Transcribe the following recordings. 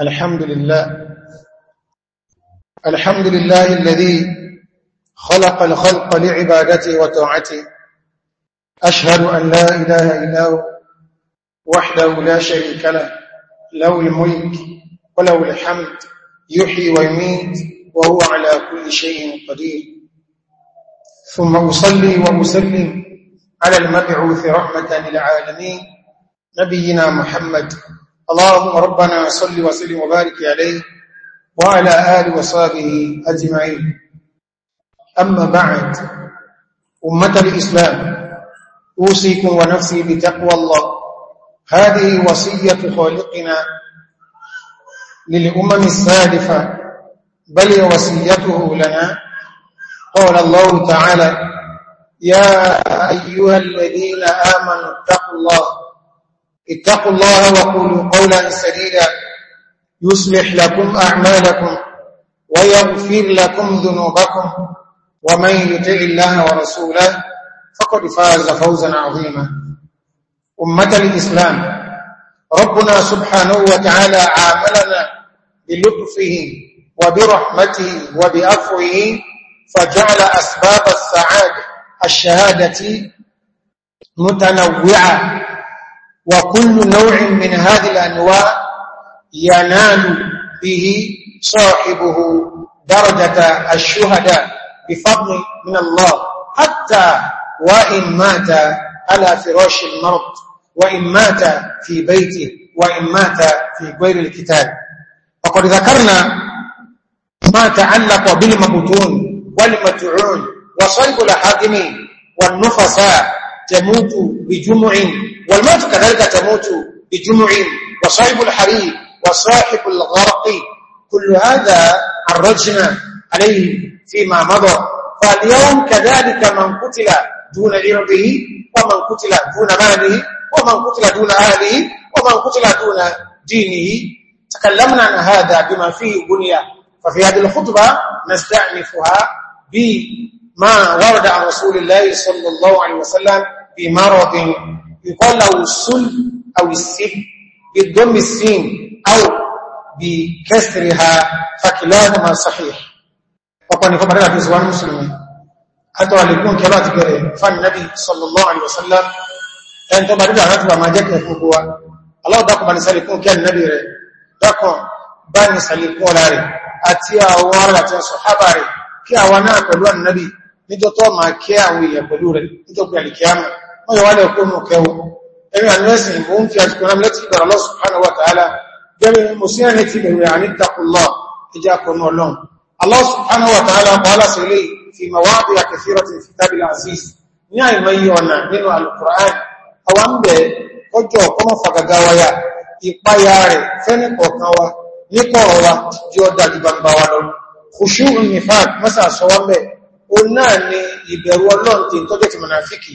الحمد لله الحمد لله الذي خلق الخلق لعبادته وطاعته أشهد أن لا إله إلا هو وحده لا شريك له له الملك وله الحمد يحيي ويميت وهو على كل شيء قدير ثم أصلي وأسلم على المبعوث رحمة للعالمين نبينا محمد اللهم ربنا صل وسلم وبارك عليه وعلى آله وصحبه أجمعين أما بعد أمة الإسلام أوصيكم ونفسي بتقوى الله هذه وصية خالقنا للأمم السالفة بل وصيته لنا قال الله تعالى يا أيها الذين آمنوا اتقوا الله اتقوا الله وقولوا قولا سديدا يصلح لكم أعمالكم ويغفر لكم ذنوبكم ومن يطع الله ورسوله فقد فاز فوزا عظيما أمة الإسلام ربنا سبحانه وتعالى عاملنا بلطفه وبرحمته وبأفوه فجعل أسباب السعادة الشهادة متنوعة وكل نوع من هذه الأنواع ينال به صاحبه درجة الشهداء بفضل من الله حتى وإن مات على فراش المرض وإن مات في بيته وإن مات في غير الكتاب وقد ذكرنا ما تعلق بالمبتون والمتعون وصيب الحاكمين والنفساء تموت بجمع والموت كذلك تموت بجمع وصاحب الحريق وصاحب الغرق كل هذا عرجنا عليه فيما مضى فاليوم كذلك من قتل دون عرضه ومن قتل دون ماله ومن قتل دون آله ومن قتل دون دينه تكلمنا عن هذا بما فيه بنية ففي هذه الخطبة نستعنفها بما ورد عن رسول الله صلى الله عليه وسلم بمرض يقال له السل أو السب بالضم السين أو بكسرها فكلاهما صحيح وقال نفهم رأى في سواء المسلمين أتوى لكم كبات قريب فالنبي صلى الله عليه وسلم أنت ما رجع نتبع ما جاك يفوقوا الله داكم بني سالكم كان نبي رأي داكم بني سالكم لاري أتيا وارلا تيا صحابة كي أوانا قلوا النبي نجو طوما كي أوي يقلوا رأي نجو قلوا wọ́n yọ wálẹ̀ òkú mọ̀ kẹwọ́ ẹ̀rí àníwẹ̀sìn ìbò ń fi àṣìkò rán lẹ́tí ìbẹ̀rẹ̀ Allah subhanahu wa ta'ala jẹ́mi mo sí ẹni ti bẹ̀rẹ̀ àní takùlọ ìjà kọnu ọlọ́run Allah subhanahu wa ta'ala kọ́ aláṣẹ ilé fi mawadi akẹfẹ́rọ̀tì fi tábìlì aziz ní àìmọ̀ yí ọ̀nà nínú alukur'an àwọn ń bẹ̀ kọjọ ọkọ́mọ̀ fàgagá wáyà ìpáyà rẹ̀ fẹ́ni kọ̀ọ̀kan wa ní kọ̀ọ̀ wa wa lọ kùsùn nìfàk mọ́sà sọ wọ́n ni ìbẹ̀rù ọlọ́run tí ń ti mọ̀nàfíkì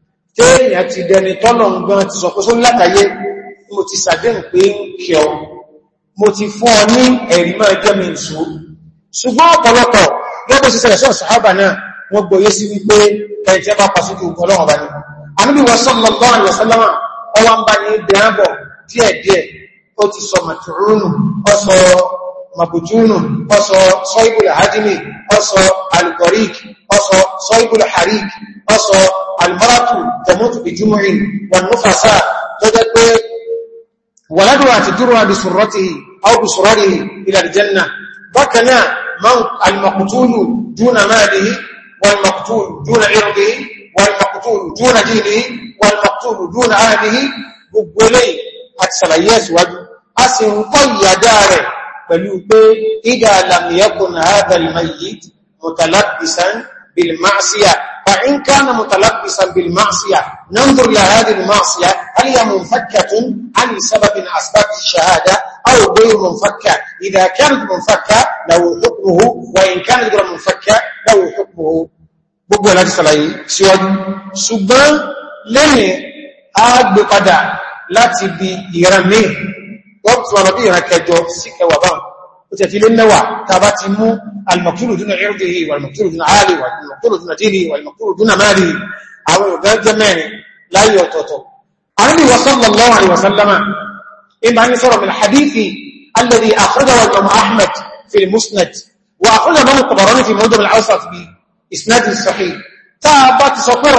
téèyàn ti dẹni tọ́lọ̀ ń gan ti sọ̀kọ́ só látàyé mo ti sàdéhùn pé ń kí ọ mo ti fún ọ ní ẹ̀rí máa jẹ́ mi ìṣó ṣùgbọ́n ọ̀pọ̀lọpọ̀ lọ́pọ̀ sí sẹ̀rẹ̀ sọ́ọ̀ sàhábà náà wọ́n gbọ́yé sí wípé ẹ̀jẹ́ bá pàṣókè ògùn ọlọ́run mabutunu ọsọ sọ́ìbùl hajjini ọsọ alkorik ọsọ sọ́ìbùl harik ọsọ almaratu tamutu bijimurin wọn nufasa tó jẹ́ pé wàládùn àti dúrùwà bí sùrọ́tì ọgbù sùrọ́rì ilẹ̀ aljanna bákaná almakutulu dúnà máàlì والمقتول دون عرضه والمقتول دون دينه والمقتول دون آله gbogbo ilé àti sàlàyé ẹ̀sùwájú a pẹ̀lú pé ìdá àlàmìyàkùn hadal mayyit mutalabbisan bil ma'siyah فإن كان متلبسا بالمعصية ننظر إلى هذه المعصية هل هي منفكة عن سبب أسباب الشهادة أو غير منفكة إذا كانت منفكة له حكمه وإن كانت غير منفكة له حكمه gbogbo ẹ̀láti sàlàyé síwájú ṣùgbọ́n láti bí ìran wọ́n tún wà lọ́bí ìran kẹjọ sí kẹwàá báwọn ó tẹ̀ fi lé mẹ́wàá ta bá ti mú alìmọ̀kúrò dúnà ẹ̀rùdìí wàlìmọ̀kúrò dúnà ààrẹ wàlìmọ̀kúrò dúnà dìrì wàlìmọ̀kúrò dúnà mẹ́rin àwọn ògbẹ́jẹ́ mẹ́rin láyé ọ̀tọ̀ọ̀tọ̀ àrínì wasallallahu alaihi wasallama ìmá ní sọ́rọ̀ min hadithi alladhi akhrajahu imam ahmad fi musnad wa akhrajahu imam tabarani fi mawdu' al-awsat bi isnad sahih ta bá ti sọ pé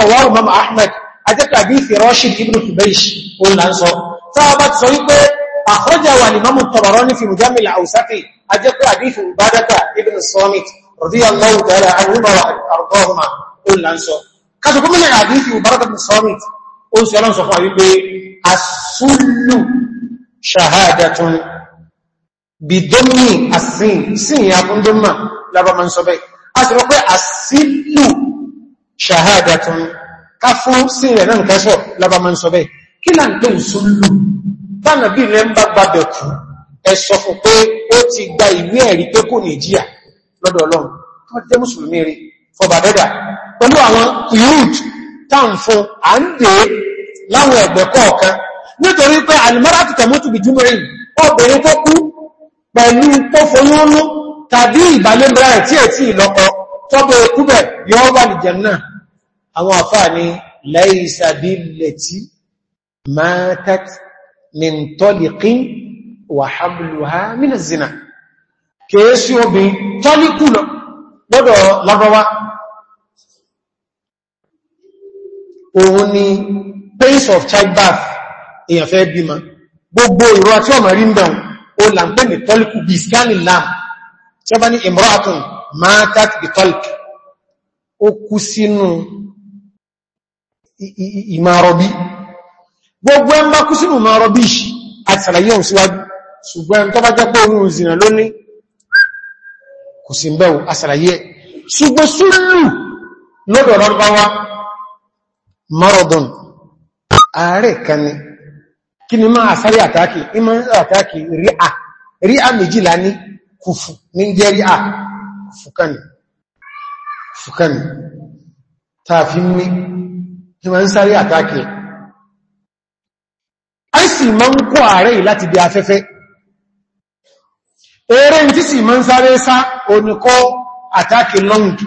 ti sọ wípé أخرجه الإمام الطبراني في مجمع الأوسطي أجل حديث عبادة ابن الصامت رضي الله تعالى عنهما وأرضاهما قل أنسوا كذلك من الحديث عبادة ابن الصامت قل سيالان صفحة السل شهادة بدم السين سين يكون دم لابا من صبي أسرق السل شهادة كفو سين ينكسر لابا من صبي كلا نكون سلو bánàbí ilẹ̀ ń bá gbàbẹ̀ kú ẹ sọ fún pé ó ti gba ìwé ẹ̀rí pé kò ní jíyà lọ́dọ̀ ọlọ́run tó jẹ́ mùsùlùmí rí fọba dẹ́dà pẹ̀lú àwọn kuyut táǹfún à ń dè láwọn ẹ̀gbẹ́ kọ̀ọ̀kan nítorí pé alìmọ́ra ti tẹ̀mọ́tù bí júmọ́rin obìnrin tó kú pẹ̀lú tó ni lẹ́yìn ìsàbí lẹ́tí máa tẹ́tì min tọ́lìkín wà hamluha min zina kèésí obìn tọ́lìkù lọ́dọ̀ lọ́rọ̀wá òun ni pains of childbirth èyàn fẹ́ bímọ gbogbo ìrọ àti ọmọ rí mẹ́un o là ń pè ní tọ́lìkù bí scanning lamb tí ó bá ní imra'atun matat bi tọ́lìkù ó kú sínú ìmàrọ̀bí gbogbo ẹ ń bá kú sínú máa rọbíṣì àti sàlàyé òun síwájú ṣùgbọ́n tó bá jẹ́ pé ohun ìzìnà lónìí kò sí bẹ́ẹ̀ àsàlàyé ẹ̀ ṣùgbọ́n súnlù lọ́dọ̀ lọ́rọ̀báwá marathon ààrẹ kan ni kí ni máa sáré àtàkì ìmá àtàkì ríà ríà méjìlá ní kùfù àìsì ma ń kó ààrẹ yìí láti bí afẹ́fẹ́ eré tí sì ma ń sáré sá oníkọ́ àtàkì lọ́ngì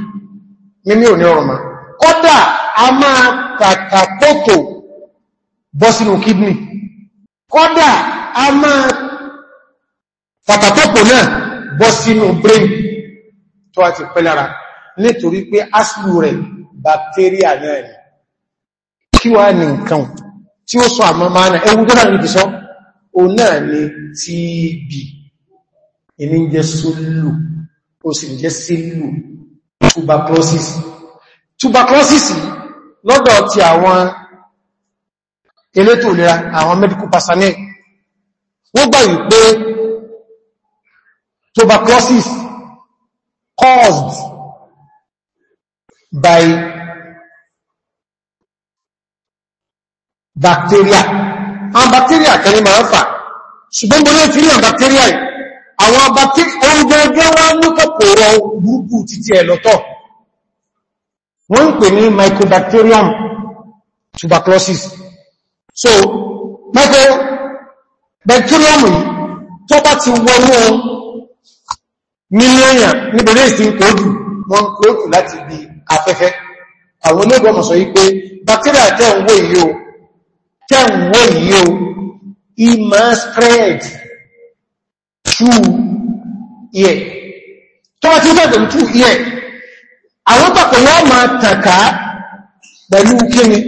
nínú òní ọ̀rọ̀ ma kọ́dà a máa tàtàkótò bọ́ sínú kidney kọ́dà a máa tàtàkótò náà bọ́ sínú brain tó àti pẹ́lára nítorí pé asìlú rẹ̀ bacteria náà ni kí wá ní nǹkan tí ó sọ na, ẹwú tó náà níbi o náà ni tí bí ìní jẹ́ sólù o sì jẹ́ sílù tuberculosis tuberculosis lọ́dọ̀ ti àwọn elétò ìlera àwọn medical personnel wọ́n gbà wípé tuberculosis caused by bacteria àwọn bacteria kan ní máa ń fà ṣùgbọ́n mo ní ti rí àwọn bacteria yìí àwọn bacteria oúnjẹ ẹgbẹ́ wá ní kòkòrò burúkú títí ẹ̀ lọ́tọ̀ wọ́n ń pè ní mycobacterium tuberculosis so mycobacterium yìí tó bá ti wọnú mílíọ̀nà níbẹ̀rẹ̀ ìsì ń kòójù wọ́n kòójù láti bí afẹ́fẹ́ àwọn olóògbọ́mọ̀ sọ yí pé bacteria tẹ́ ń wó yìí o when you he must spread through ear tó bá ti sẹ́gbẹ̀ through ear àwọn pàpọ̀ yọ́ ma tàkà pẹ̀lú kíni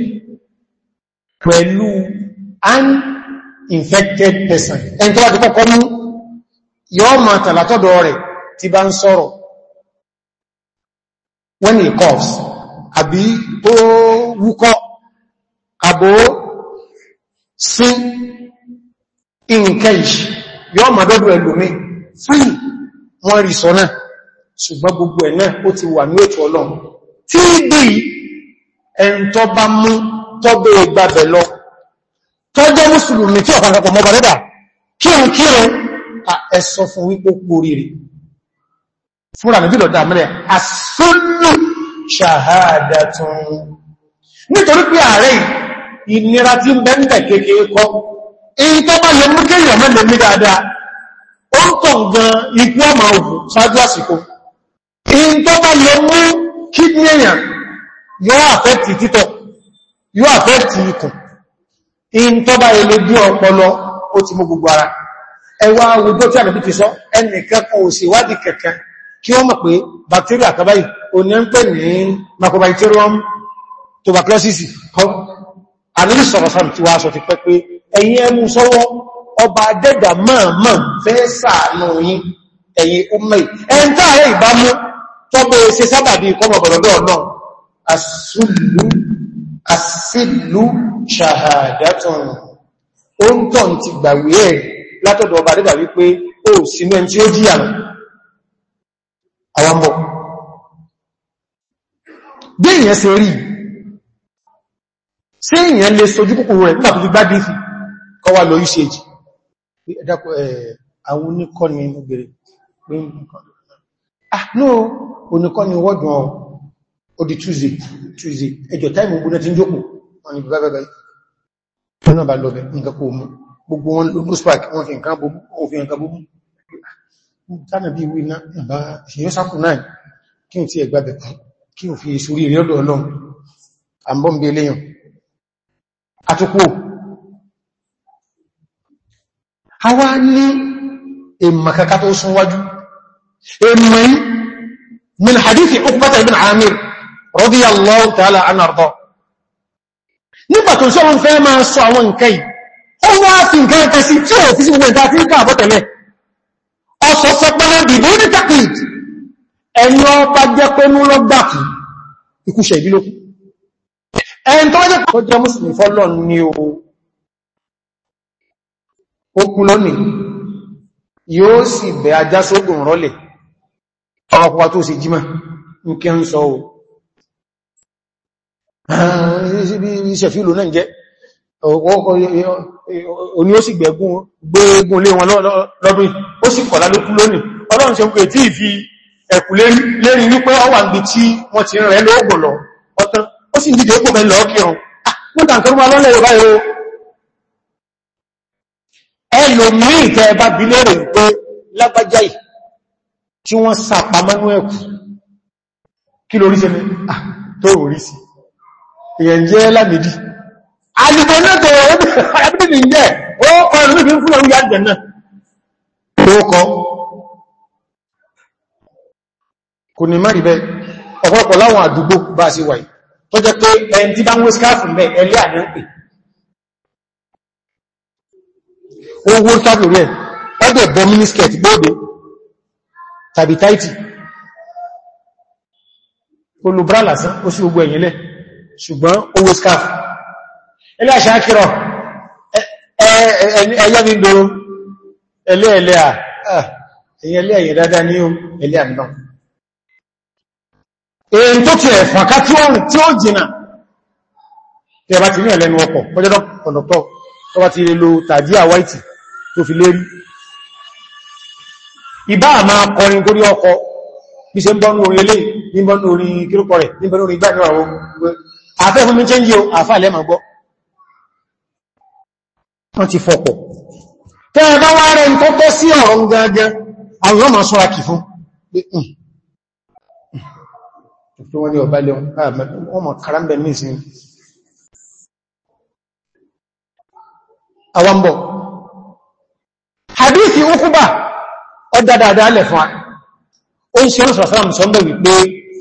pẹ̀lú an infected person ẹni to bá ti kọ́kọ́ mú yọ́ ma tàlátọ́dọ̀ rẹ̀ tí bá ń sọ̀rọ̀ when he coughs àbí ó wúkọ́ àbò sí ìǹkẹ́ ìṣì yọ́ mọ̀dọ́dọ̀ ẹlòmí fún wọn rí sọ náà ṣùgbọ́n gbogbo ẹ̀ náà ó ti wà ní ètò ọlọ́run tí bí ẹ̀ntọ́ bá mú tọ́bẹ̀ e ìgbàbẹ̀ lọ tọ́jọ́ mùsùlùmí tí ọ̀pàpàpọ̀ mọ́ bàdẹ́dà ìnira tí ń bẹ́ǹbẹ̀ kékeré kọ́ èyí tó bá yẹ mú kéèyàn mẹ́lẹ̀ mí dáadáa ó ń tàn gan ikú ọmọ ògùn ṣáájú àsìkò èyí tó bá yẹ mú kídní èyàn yóò àfẹ́tì títọ̀ yóò àfẹ́tì ikùn èyí tó bá yẹ lè bí ọpọlọ ó ti mú gbogbo ara ẹwà àmìlì sọ̀rọ̀sọ̀rọ̀ tí wá sọ ti pẹ́ pé ẹ̀yin ẹmú sọ́wọ́ ọba dẹ́dà máa máa fẹ́ sàánú yín ẹ̀yin ọmọ ẹ̀yìn táàrẹ ìbámú tọ́bẹ̀ ṣe sábàbí kọmọ̀bọ̀lọ́dọ̀ náà asìlú asìlú ṣàhàdátùn oúntọ̀n ti gbàwé ẹ̀ látọ̀dọ̀ ọba dẹ́dà wípé ó sínú ẹni tí ó jíyà bí ìyẹn ṣe rí sí èyàn lè sojú kúkúrú rẹ̀ nígbà tó fi gbádìí fi kọ́ wà lọ uch àwọn oníkọ́ ni obìnrin pé ah no oníkọ́ ni wọ́dùn ọ odi tuesday tuesday ẹjọ́ táìmù tí ń ni bàbá ọ̀nà bá lọ bẹ̀ nǹkan kó mú gbogbo wọn ló spark wọn fi nǹkan bóbú òfin nǹkan bóbú tánà bí wí ọlọ́run àbọ́m̀bẹ̀ eléyàn àtúkù a wá ní èmà kaka tó sún wájú èmà yí min hadithi ukbata ibn amir radiyallahu ta'ala an arda nígbà tó sọ́rọ̀ fẹ́ máa sọ àwọn nǹkan yìí ó wá fi nǹkan kan sí tí ó fi sí gbogbo ìta fi ẹn tó jẹ́ kọ́ jẹ́ mùsùlùmí fọ́lọ̀ ní o kú lónìí yóò sì bẹ̀ ajá sógùn rọ́lẹ̀ ọkọ̀wà tó sì jímá ní kí ń sọ o ìṣẹ̀fílò náà jẹ́ òní ó sì gbẹ̀gún gbẹ́gún lé wọn lọ́dún ó sì kọ̀lá ló kú lónìí ọlọ́run ṣe ń pè tí ì fi ẹ̀kù lérí wípé ọwà ń gbì tí wọ́n ti rẹ̀ lóògùn lọ ọtán ó sì dìde kó bẹ̀lọ kírùn ah, wọ́n tàn kọrùn alọ́lẹ̀ yóò báyìí o ẹlòmíì tẹ́ bá bí lóòrè pé lágbàjá yìí tí wọ́n sàpá mọ́nú ẹ̀kù kí lórí se mi ah, tó rí sí èyàn jẹ́ lámìdí alìbọ̀ náà tó ẹbìnrin jẹ́ ó kọ́ ní fún ọrú yàgbẹ̀ náà tó kọ́ kò ní má rí bẹ́ ọ̀pọ̀lọpọ̀ láwọn àdúgbò bá sí wáyìí tó jẹ́ pé ẹni tí bá ń wé skáàfù mẹ́ ẹlẹ́ àdán pè ó wó skáàfù rẹ̀ ọdẹ̀ bọ́ mínískẹ̀tì gbóòdó tàbí táìtì olùbrá lásán ó sí gbogbo ẹ̀yìnlẹ̀ ṣùgbọ́n ó wé skáàfù ẹlẹ́ àṣákírọ̀ ẹyẹ́ ní doro ẹlẹ́ ẹlẹ́ à ẹ̀yìn ẹlẹ́ ẹ̀yìn dáadáa ní ẹlẹ́ àdán èyí tó ti ẹ̀fà ká tí wọ́n tí ó jìnà tí ẹ bá ti rí ẹ̀lẹ́nu ọkọ̀ ọjọ́dọ́ kọ̀dọ̀tọ̀ tó bá ti lè lo tàjí àwáìtì tó fi lérí kọrin torí ọkọ̀ bí ṣe ń bọ́nú orí elé ní bọ́nú orin kírókọ rẹ̀ ní bọ́nú orin tó wọ́n ní ọba lẹ́un ah, wọ́n mọ̀ karambẹ̀ ní ìsin àwọ̀mbọ̀ hadithi ukuba ọdá dáadáa lẹ̀ fún ó ń ṣe ọ́nà sọ̀rọ̀sọ́rọ̀ sọ́mbẹ̀ wípé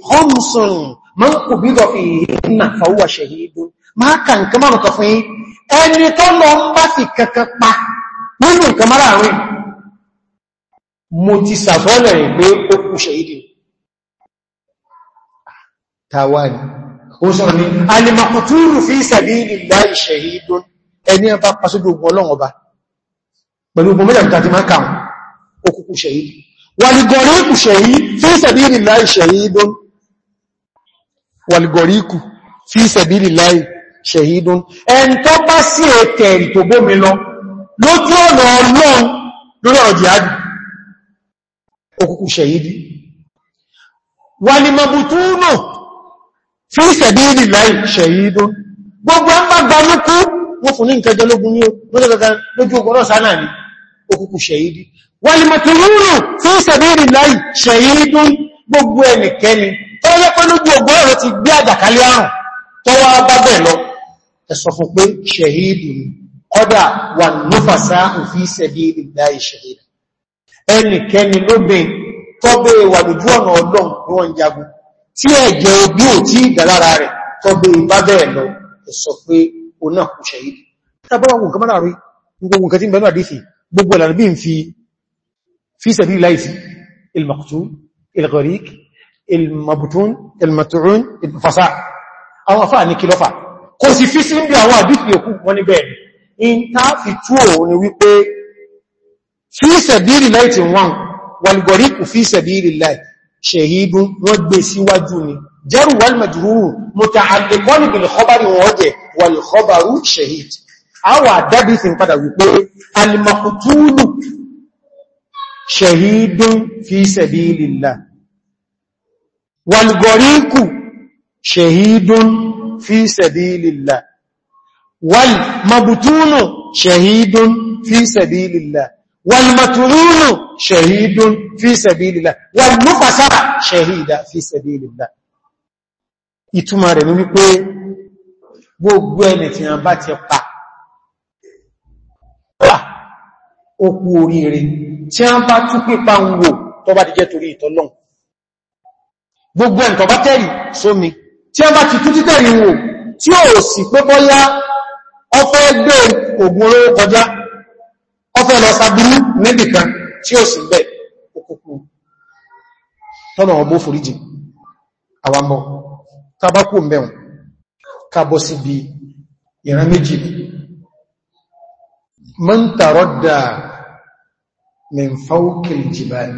homsun man kò bídọ̀ fi ìrìnà fàúwà ṣẹ̀hìdó máa kà pa nínú nǹkan márààrin mo ti sàfọ́lẹ̀ rẹ̀ tàwàní ó sọ ní alìmọ̀kùtúrù fi sabilillahi shahidun ẹni ẹ̀fà pàṣójú ogun ọlọ́run ọba pẹ̀lú ogun mẹ́jọ tàbí máa kàrùn okùnkù shahid wàlìgọ̀ríkù shahid fi sabilillahi shahidun wàlìgọ̀ríkù fi sabilillahi shahidun ẹn tó bá sí ẹ̀tẹ̀rì tó bómi lọ lójú ọ̀nà fi sẹ̀bíìlì láì ṣẹ̀yìdó gbogbo ẹ bá gba lókú wọ́n fún ní nǹkan jẹ lógún ní lójọ́gagá fi sẹ̀bíìlì láì ṣẹ̀yìdó gbogbo ẹnikẹ́ni tó yẹ pé lójú ọgbọ̀rọ̀ ti gbé àjàkálẹ̀ àrùn tó wá bá bẹ̀ lọ ẹ sọ fún pé ṣẹ̀yìdì ni kọ́dà wà nífàsá òfin sẹ̀bíìlì láì ṣẹ̀yìdí tí ẹ̀jẹ̀ ogbí ò tí ìdàlára rẹ̀ tọ́gbé ìbá bẹ́ẹ̀ lọ ẹ̀sọ pé o náà kò ṣe ìdí. tàbáwàwò nǹkan mọ́nà rí gbogbo nǹkan tí ń bẹ̀rẹ̀ àdífì gbogbo ìlànà bí n fi fi sẹ̀bí láìsí ilmọ̀kútù ilgharik ilmabutun ilmatun ilfasa àwọn afá ní kílọ́fà kò sì fi sí ń bí àwọn àdífì òkú wọn ní in ta fi tú ò ní wípé fi sẹ̀bí láìsí wọn wàlgọ̀ríkù fi sẹ̀bí láìsí ṣèhídún wọ́n gbé síwájú ni jẹ́rù wal majrúrù muta'alliqan bil khabari wọ́n jẹ́ wal khabaru ṣèhíd awà dábí fi ń padà wípé al maqtulu ṣèhídún fi sabilillah wal goriku ṣèhídún fi sabilillah wal mabutunu ṣèhídún fi sabilillah والمطعون شهيد في سبيل الله والمفسر شهيد في سبيل الله ìtumọ̀ rẹ̀ ni wípé gbogbo ẹni tí wọ́n bá ti pa okú oríire tí wọ́n bá tún pípa ń wò tó bá ti jẹ́ torí ìtọ́lọ́n gbogbo ẹni tó bá tẹ́rì sómi tí wọ́n bá ti tún títẹ̀rì wò tí ó sì pé bọ́yá ọfẹ́ gbé ògùn olówó kọjá ọfẹ́ lọ sábúrú níbìkan tí ó sì bẹ̀ òkùnkùn tọ́nà ọgbó foríjì àwàmọ́ tabakú mẹ́un kábọ́ sí bí ìran méjì man taradda min fawqil jibal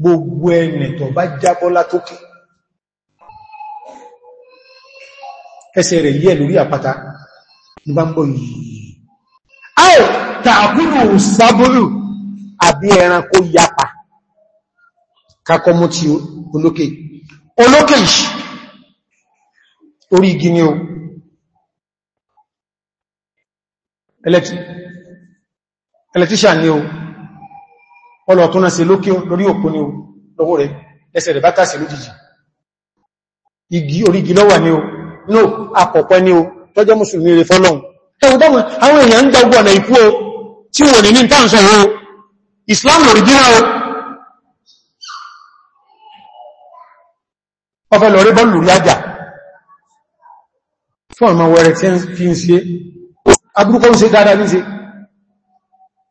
gbogbo ẹni tó bá jábọ́ látókè ẹsẹ̀ rẹ̀ yẹ́ lórí àpáta ní bá ń bọ̀ yìí áò tààkùnù sábúrù àbí ẹranko yapa kakọmọ tí olókè olókè ìṣì orí igi ni o ẹlẹ́tíṣà ni o ọlọ̀ tó náà se lókè lórí òkú ni o lọ́wọ́ rẹ̀ ẹsẹ̀ rẹ̀ bá tàṣẹ lójijì igi orí igi lọ́wà ni o no àkọ̀pẹ́ ni o tọ́jọ́ mùsùlùmí rẹ̀ fọ́lọ́un ẹwùdáwọn àwọn èèyàn ń gbogbo ọ̀nà ìkú o tí wọ́n ní ní tàǹsọ̀ ìwò Islam original o ọfẹ́ lọ rí bọ́ọ̀lù rí ajá fún ọmọ wẹ̀rẹ̀ tí ń fi ń ṣe abúrúkọ́ ń ṣe dáadáa ní ṣe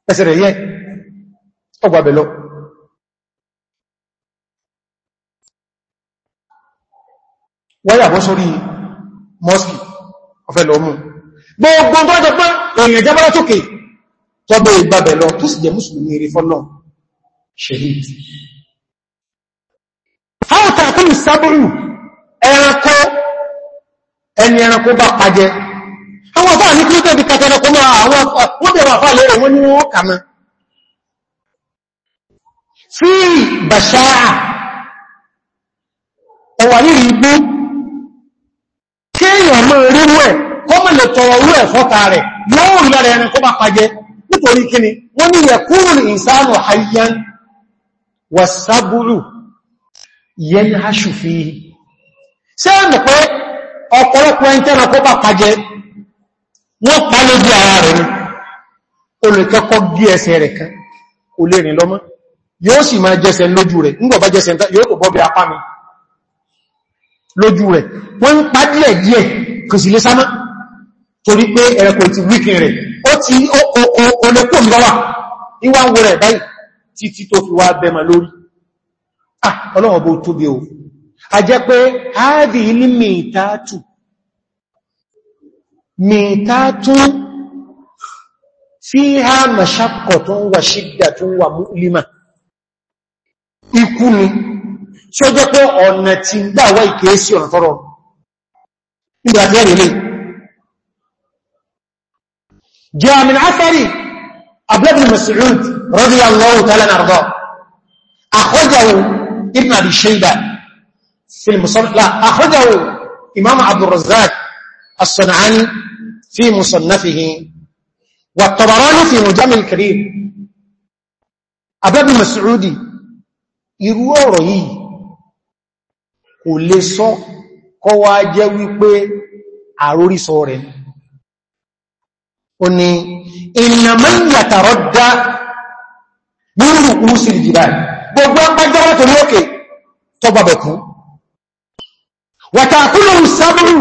ẹsẹ̀ rẹ̀ yẹ ọgbà bẹ̀lọ wáyàbọ́ sórí mọ́sùkì ọfẹ́ lọ mú gbogbo tó jọ pé èèyàn jẹ́ bọ́lá tókè ìgbàbẹ̀ lọ tó sì jẹ mùsùlùmí eré fọ́lọ̀ ṣehid fáwọ̀tà tó ní sábúrù ẹranko ẹni ẹranko bá pàjẹ àwọn afọ́ ní kí ó tẹ́bi lè tọrọ orú ẹ̀fọ́ta rẹ̀ yóò rí lára ẹni kó bá pàjẹ́ nítorí kíni wọ́n ní yakunu insanu hayyan wasaburu yanhashu fihi ṣe mọ̀ pé ọ̀pọ̀lọpọ̀ ẹni tẹ́rọ kó bá pàjẹ́ wọ́n pa lójú ara rẹ̀ ni olùkẹ́kọ́ gí ẹsẹ̀ rẹ̀ kan kò lè rìn lọ́mọ́ yóò sì sámá torí pé ẹ̀rẹ̀kọ̀ ti wíkìn rẹ̀ ó ti olókò mìírànwà ìwà ń wo rẹ̀ báyìí títí tó fi wá bẹ́mà lórí ọlọ́wọ̀n bó tóbi o a jẹ́ pé háàdì ní mìtàtù mìtàtù tí ha màṣàkọ̀ tó ń wà ṣígbà tó ń wà múlímà ikú ni tí pé ọ̀nà ti gbà wá ìkèésí ọ̀nà tọ́rọ nígbàtí جاء من أثر أبلا بن مسعود رضي الله تعالى نرضاه أخرجه ابن أبي شيبة في المصنف لا أخرجه إمام عبد الرزاق الصنعاني في مصنفه والطبراني في مجام الكريم أبلا بن مسعود يروره kò lè sọ kọwàá jẹ́ wípé ó ní innaman yataradda min ru'usil jibal gbogbo apájọ́wọ́ torí òkè tó gbàbẹ̀ fún wa ta'kulu sábúrù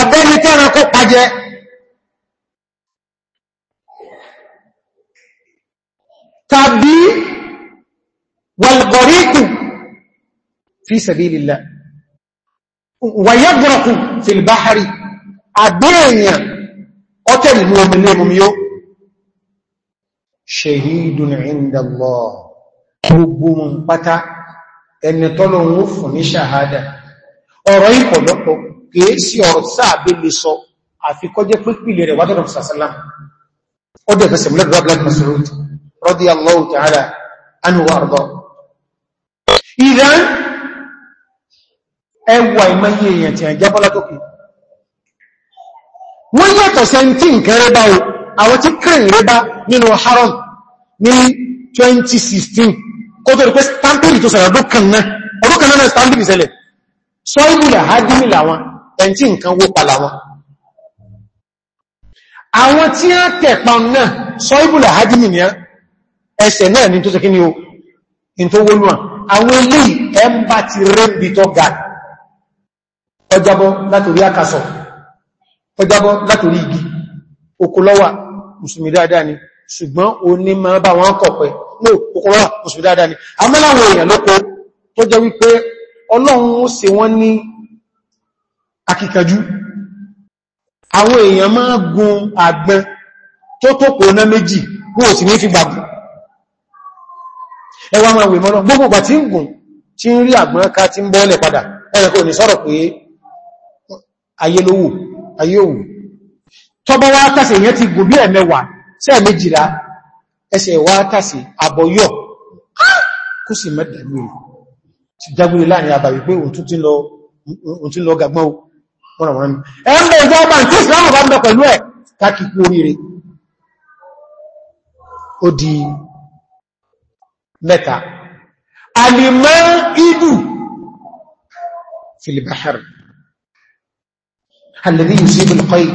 abẹ́ni tẹ́ran pàjẹ́ tàbí والغريق في سبيل الله ويبرق في البحر أبينيا ọtẹ́lì mú omi ní omi yóò ṣehídùn ìndàlọ́ gbogbo wọn pátá ẹni tọ́lọ ń fún ní ṣàhádà ọ̀rọ̀ ìpọ̀lọpọ̀ kìí sí ọ̀rọ̀ sáàbé lè sọ àfikọ́jẹ́ pípìlẹ̀ rẹ̀ wádọ́dọ̀ sàṣálàm ọdẹ̀ fẹsẹ̀ mú èèyàn tí a jábọ́lá tó kìí wọ́n yàtọ̀ sẹ tí nǹkan rẹ bá o àwọn tí kìrìn rẹ nínú haram ní 2016 kó tó rí pé stampede tó sọ̀rọ̀ ọdún kan náà ọdún kan náà stampede ṣẹlẹ̀ sọ ìbùlẹ̀ hajjimi làwọn ẹn tí nǹkan wó pa làwọn àwọn tí a tẹ̀pa náà sọ ìbùlẹ̀ hajjimi ní ẹsẹ̀ náà ní tó sẹ kí ni o in tó wó lúwà àwọn ilé ẹmbà ti rẹ́bì tó ga ọjábọ́ látorí igi okòlọ́wà musulmi dáadáa ni ṣùgbọ́n o ní ma bá wọn kọ̀pẹ̀ ní okòlọ́wà musulmi dáadáa ni a mọ́ láwọn èèyàn lóko tó jẹ́ wípé ọlọ́run ó wọ́n ní gun àgbọn tó tó kò ná méjì wọ́n ò sì ní fi gbàgbọ́ ẹwà máa wè mọ́nà gbogbo ìgbà tí ń gùn tí ayé lówó ayóhun tọ́bọ́ wá tàṣì èyàn ti gùn bí ẹ̀mẹ́wà sẹ́ méjìlá ẹsẹ̀ wá tàṣì àbọ̀yọ̀ kó sì mẹ́ dàgbére láàrin àbà wípé òun tí lọ gàgbọ́n wọ́nàwọ́n ẹ̀mẹ́ ìjọ ọba tí ìsìlámù bá ń bẹ pẹ̀lú ẹ̀ káàkiri oríire ó di mẹ́ta alìmọ́ ìdù filibahari alladhi yusibu al-qayl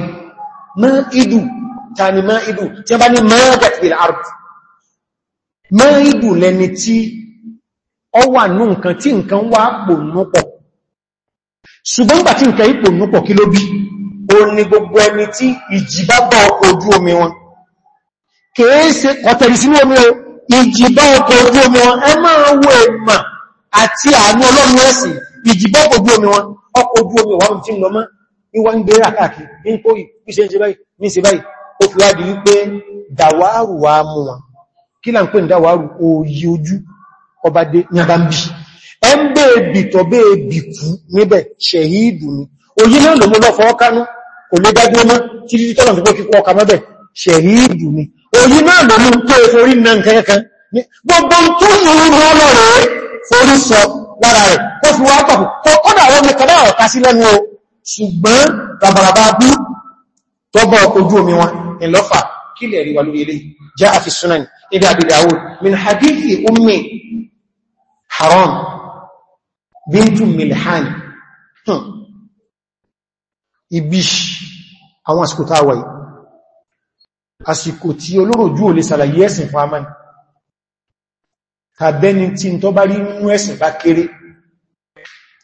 ma'idu tani ma'idu tí a bá ní ma'adat bil ard ma'idu lẹni tí ọ wà ní nǹkan tí nǹkan wá pònúpọ̀ ṣùgbọ́n gbà tí nǹkan ìpònúpọ̀ kí ló bí o ní gbogbo ẹni tí ìjì bá bá ọkọ̀ ojú omi wọn kèése ọ̀tẹ̀rì sínú omi o ìjìbá ọkọ̀ ojú omi wọn ẹ máa wo ẹ̀mà àti àánú ọlọ́run ẹ̀sìn ìjìbá ọkọ̀ ojú omi wọn ọkọ̀ ojú omi wọn ti lọ mọ́ ìwà ń gbéra káàkiri ní kó ìpíṣẹ́ ń ṣe báyìí ní ṣe báyìí ó fi wá di wípé dàwárù wá mú wọn kí là ń pè ní dàwárù òyí ojú ọba dé ní abá ń bí ẹ ń bẹ́ ẹbì tọ́ bẹ́ ẹbì kú níbẹ̀ ṣẹ̀hídù ni òyí náà lòmú lọ fọ́ọ́kánú kò lè dájú mọ́ na e nǹkankan gbogbo ṣùgbọ́n rabaraba bú tọ́bọ̀ ojú omi wọn ìlọ́fà kílẹ̀ rí wà lórí ilé já àfi sunan ibi Abi Dawud min hadithi ummi haram bintu milhan hmm. ibi àwọn àsìkò táwà yìí àsìkò tí olóròjú ò lè sàlàyé ẹ̀sìn fún amán tàbẹ́ni tí ń tọ́ bá rí nínú ẹ̀sìn bá kéré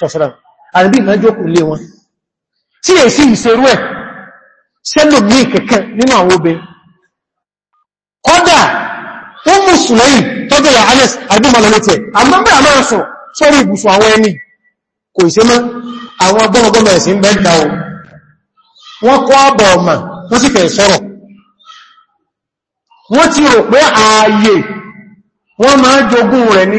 sọ̀sọ̀rọ̀ àrùbí ìmájókù lé wọn tí è sí ìṣerú ẹ̀ sẹ́lò ní kẹ̀kẹ́ nínú àwọn obìn kọ́dà ó mú sùlọ́yì tọ́jọ́ yà alex agbómalọ́lẹ́tẹ̀ àmọ́bẹ̀ sórí wọ́n máa jogún rẹ̀ ní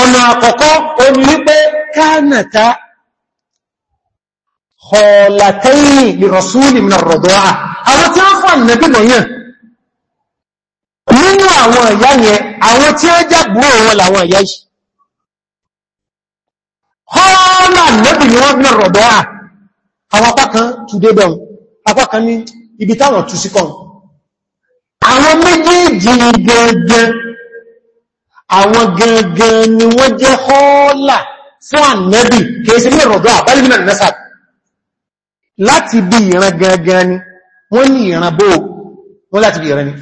ọ̀nà àkọ́kọ́ omi wípé kánàtà kọ̀ọ̀látẹ́yìn lè rọ̀súlì mìíràn rọ̀dọ́wà àwọn tí ó fà nẹ́bí wọ̀nyàn nínú àwọn ìyá yẹn àwọn tí ó jàgbúrò wọn làwọn ìyá yìí kọ́ọ̀lá nẹ́bí ni wọ́n mìíràn rọ̀dọ́wà àwọn apákan tùdébẹ̀un apákan ní àwọn gangan ni wọ́n jẹ́ họ́ọ́là fún ànẹ́bì kèèsì ní ìrọ̀dọ́ àbálìmìnà nẹ́sà láti bí ìran gangan ni wọ́n ní ìran bó wọ́n láti bí ìran ni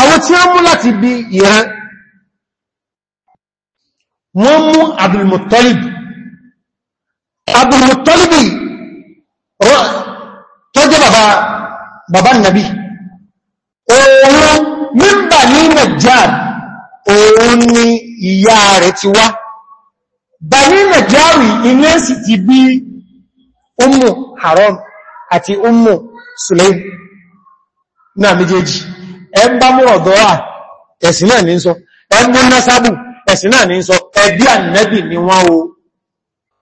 àwọn tí wọ́n mú láti bí ìran wọ́n mú Abdulmuttalib Abdulmuttalib bàbá nàbí Najjar òun ni ìyá rẹ̀ ti wá Bani Najjar ilé sì ti bí Ummu Haram àti Ummu Sulaim náà méjèèjì ẹgbá mú ọ̀dọ́wà ẹ̀sìn náà ní sọ ẹgbó násábù ẹ̀sìn náà ní sọ ẹbí ànẹ́bì ni wọ́n o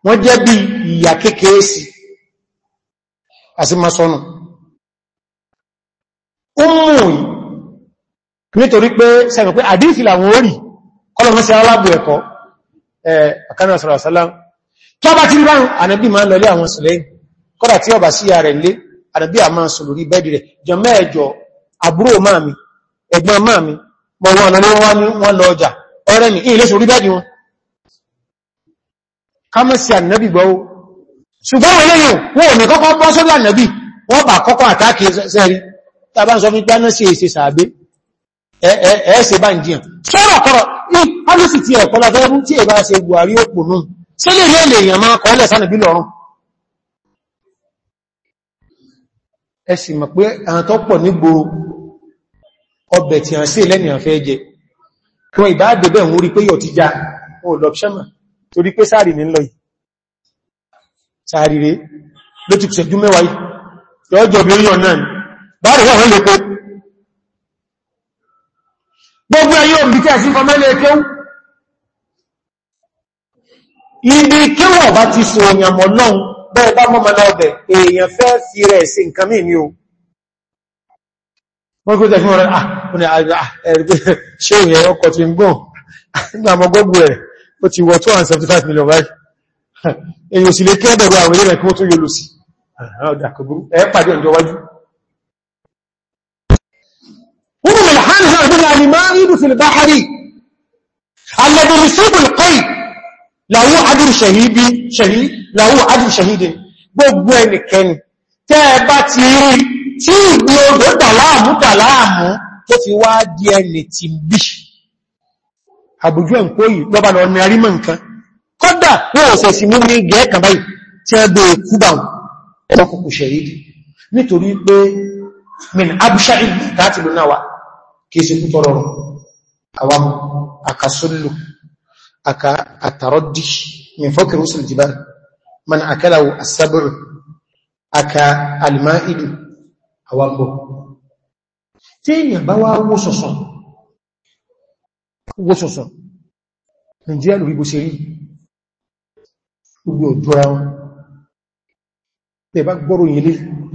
wọ́n jẹ́ bí ìyà kékeré sí nítorí pé sẹ́mọ̀ pé àdífì làwọn orí kọlọmọ́ sí alábò ẹ̀kọ́ àkánà sọ̀rọ̀sálám tó bá ti rí báhùn ànàbí ma ń lọlé àwọn sùlẹ́yìn kọ́dà tí ọba sí ààrẹ ilé ànàbí àmà sùlùrí bẹ́ẹ̀dì rẹ̀ jọ mẹ́ẹ̀jọ àbúrò máàmì ẹ̀gbọ́n máàmì mọ̀ wọn lọ wọn lọ ọjà ọ̀rẹ́ mi ilé sùlùrí bẹ́ẹ̀dì wọn kámọ́ sí ànàbí gbọ́ ṣùgbọ́n wọn lẹ́yìn wọn ò ní kọ́kọ́ bọ́ sórí ànàbí wọ́n bà kọ́kọ́ àtàkì sẹ́rí tàbá ń sọ fún gbáná sí èsì sàábé ẹ̀ẹ́sẹ̀ bá ń jíyàn sọ́rọ̀ kọ́rọ̀ ní pálísì tí ẹ̀kọ́ láfẹ́rún tí èbá ṣe buhari ó pò náà sí lè rí èlè èèyàn máa kọ́ọ́lẹ̀ sánàbí lọ́rùn ẹ sì mọ̀ pé àwọn tó pọ̀ nígbò ọbẹ̀ tí a ń sí lẹ́nì àfẹ́ jẹ wọn ìbá dẹ̀bẹ̀ ń rí pé yóò ti já wọn ò lọ́pṣẹ́mà torí pé sáàrì ní lọ yìí sáàrì rẹ̀ ló ti ṣẹ́jú mẹ́wàá yìí yọ́ lè kó gbogbo ẹ̀yí òbí tẹ́ sí fọmẹ́lẹ̀ kéhù ibi kéhù ọ̀bá ti so èèyàn mọ̀ náà bẹ́ẹ̀ bá mọ́mọ́ náà bẹ̀ èèyàn fẹ́ fi rẹ̀ sí nǹkan mí ní o wọ́n kó tẹ́ fún ọ̀rẹ́ ah, ah, ah, ṣe òyìn ọkọ̀ ti ń gbọ́n nígbà mọ́ gbogbo rẹ̀ ó ti wọ 275 million right èèyàn sì lè kẹ́ ينهر بها المائل في البحر الذي يصيب القيد له عدل شهيد شهيد له عدل شهيد gbogbo ẹnikẹni tẹ́ ẹ bá ti rí tí ìgbì odò dàláàmú dàláàmú tó fi wá di ẹni ti bí àbújú ẹ̀ ń kó yìí lọ́bà lọ ní arímọ̀ nǹkan kọ́dà wọ́n ọ̀sẹ̀ sí mú ní gẹ́ẹ̀kà báyìí tí ẹ bẹ̀ kúbà ọkùnkùn ṣẹ̀yí nítorí pé min abúṣà ìgbì láti lónáwàá kí sí kú tọrọ àwọn akasúlù aka àtàrọ́dì min fọ́kì rúsùl jìbá man akẹ́láwò asábìrì aka alìmáìdù àwọn bọ̀ tí èyàn bá wá wọ́sọ̀sọ̀ wọ́sọ̀sọ̀ Nigeria lórí gbòsè rí gbogbo òjòra wọn tẹ́bá gbọ́rò yìí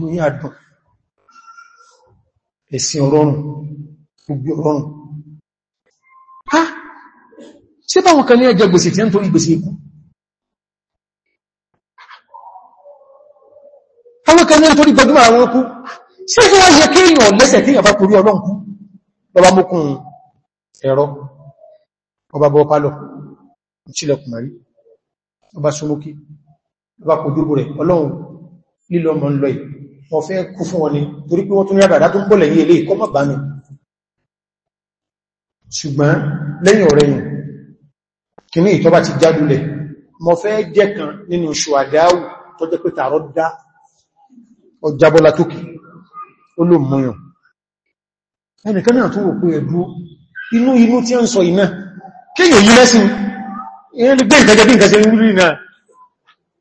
ní àdùn ẹ̀sìn ọ̀rọ̀rùn rọrùn ha ṣe báwọn kan ní ẹjẹ gbèsè tí ó ń torí gbèsè ikú àwọn kan ní ẹjẹ torí gbẹ̀dúmà àwọn okú ṣe fún wáyé kí èyàn lẹ́sẹ̀ tí èyàn bá torí ọlọ́nkú lọba mọ́kún ẹ̀rọ ọba bọ́ pálọ̀ ìṣílẹ̀kùnmọ̀rí ọba súnmọ́kí ọba kòjúgbò rẹ̀ ọlọ́run lílọ mọ́ ń lọ ì wọ́n fẹ́ kú fún wọn ni torí pé wọ́n tún rí àdàdà tó ń bọ̀ lẹ́yìn ilé ìkọ́mọ̀ bá mi ṣùgbọ́n lẹ́yìn ọ̀rẹ́yìn kì ní ìtọ́bà ti jádulẹ̀ mọ́ fẹ́ jẹ́ kan nínú ṣùwàdáwù tó jẹ́ pé tààrọ dá ọjábọ́lá tókì ó lò mọ́yàn ẹnìkan náà tó wò pé ẹ̀dú inú inú tí ń sọ iná kíyò yí lẹ́sìn ìyẹn lè gbé ìtẹ́jẹ́ bí ìtẹ́jẹ́ ìwúrí náà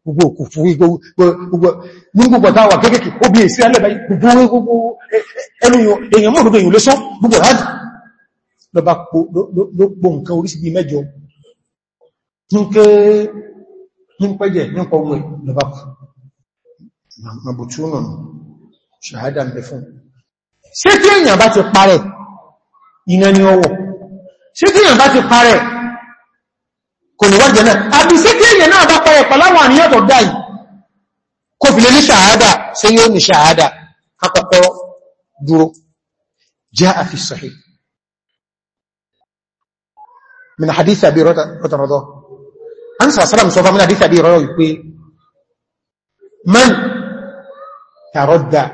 gbogbo òkú fún gbogbo táwà kéèkéèkì ó bí èsí alẹ́bàá gbogbo ẹnu èèyàn mọ́ òdúgbò èèyàn lé sọ gbogbo rádìí ló bá pò nǹkan oríṣi bí mẹ́jọ níké nípẹ́jẹ̀ nípa ohun ẹ̀ ló bá pò àbùtú náà ṣàádà ń bẹ fún ṣé tí èyàn bá ti parẹ̀ iná ní ọwọ́ ṣé tí èyàn bá ti parẹ̀ kò ní wọ́n jẹ́nà àbí ṣé tí èyàn náà bá parẹ̀ pàláwà ní ọ̀tọ̀ dáì من حديث أبي رضا أنسى صلى الله عليه وسلم من حديث أبي رضا يقول من تردى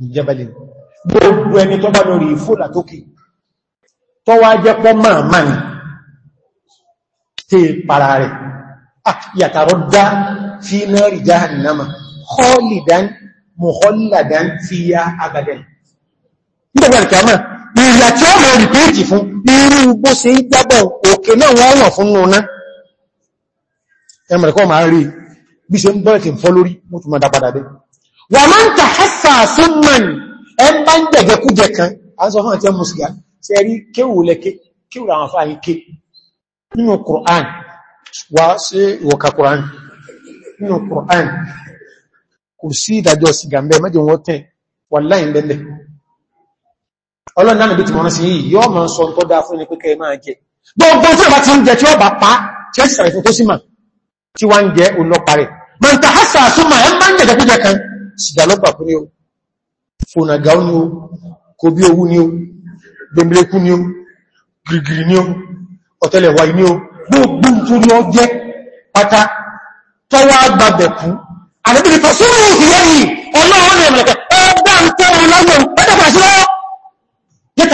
جبل gbogbo ẹni tó bá lórí fúlà tókè tó wá jẹ́ pọ́ máa máa ní tí para rẹ̀ àyàtàrọ ah, dá fi náà rí jahannama khalidan muhalladan fiha abadan nígbàgbà ìkàmà ìyà tí ó mọ̀ rìpéètì fún irú bó ṣe ń jábọ̀ òkè náà wọ́n wọ̀n fún nùnà ẹmọ̀rẹ̀kọ́ ma ń rí bí ṣe ń bọ́rẹ̀ tí ń fọ́ lórí mú tún mọ́ dápadà dé wà máa ń tà hẹ́sà súnmọ̀n ẹ bá ń lẹ́lẹ̀ ọlọ́nà bí ti mọ̀ sí yìí yọ́ ma sọ tó dáa fún ní pẹ́kẹ́ máa jẹ gbogbo tí ọba ti ń jẹ tí ọba pa tí ó sàrẹ̀ fún tó símà tí wá ń jẹ olọ́pa rẹ̀ ma ń ta hásà súnmà ẹ máa ń jẹ jẹkújẹ kan sìdá lọ́pà fún ní o fònàgá ní o kò bí owú ní o gbẹ̀mìlẹ́kú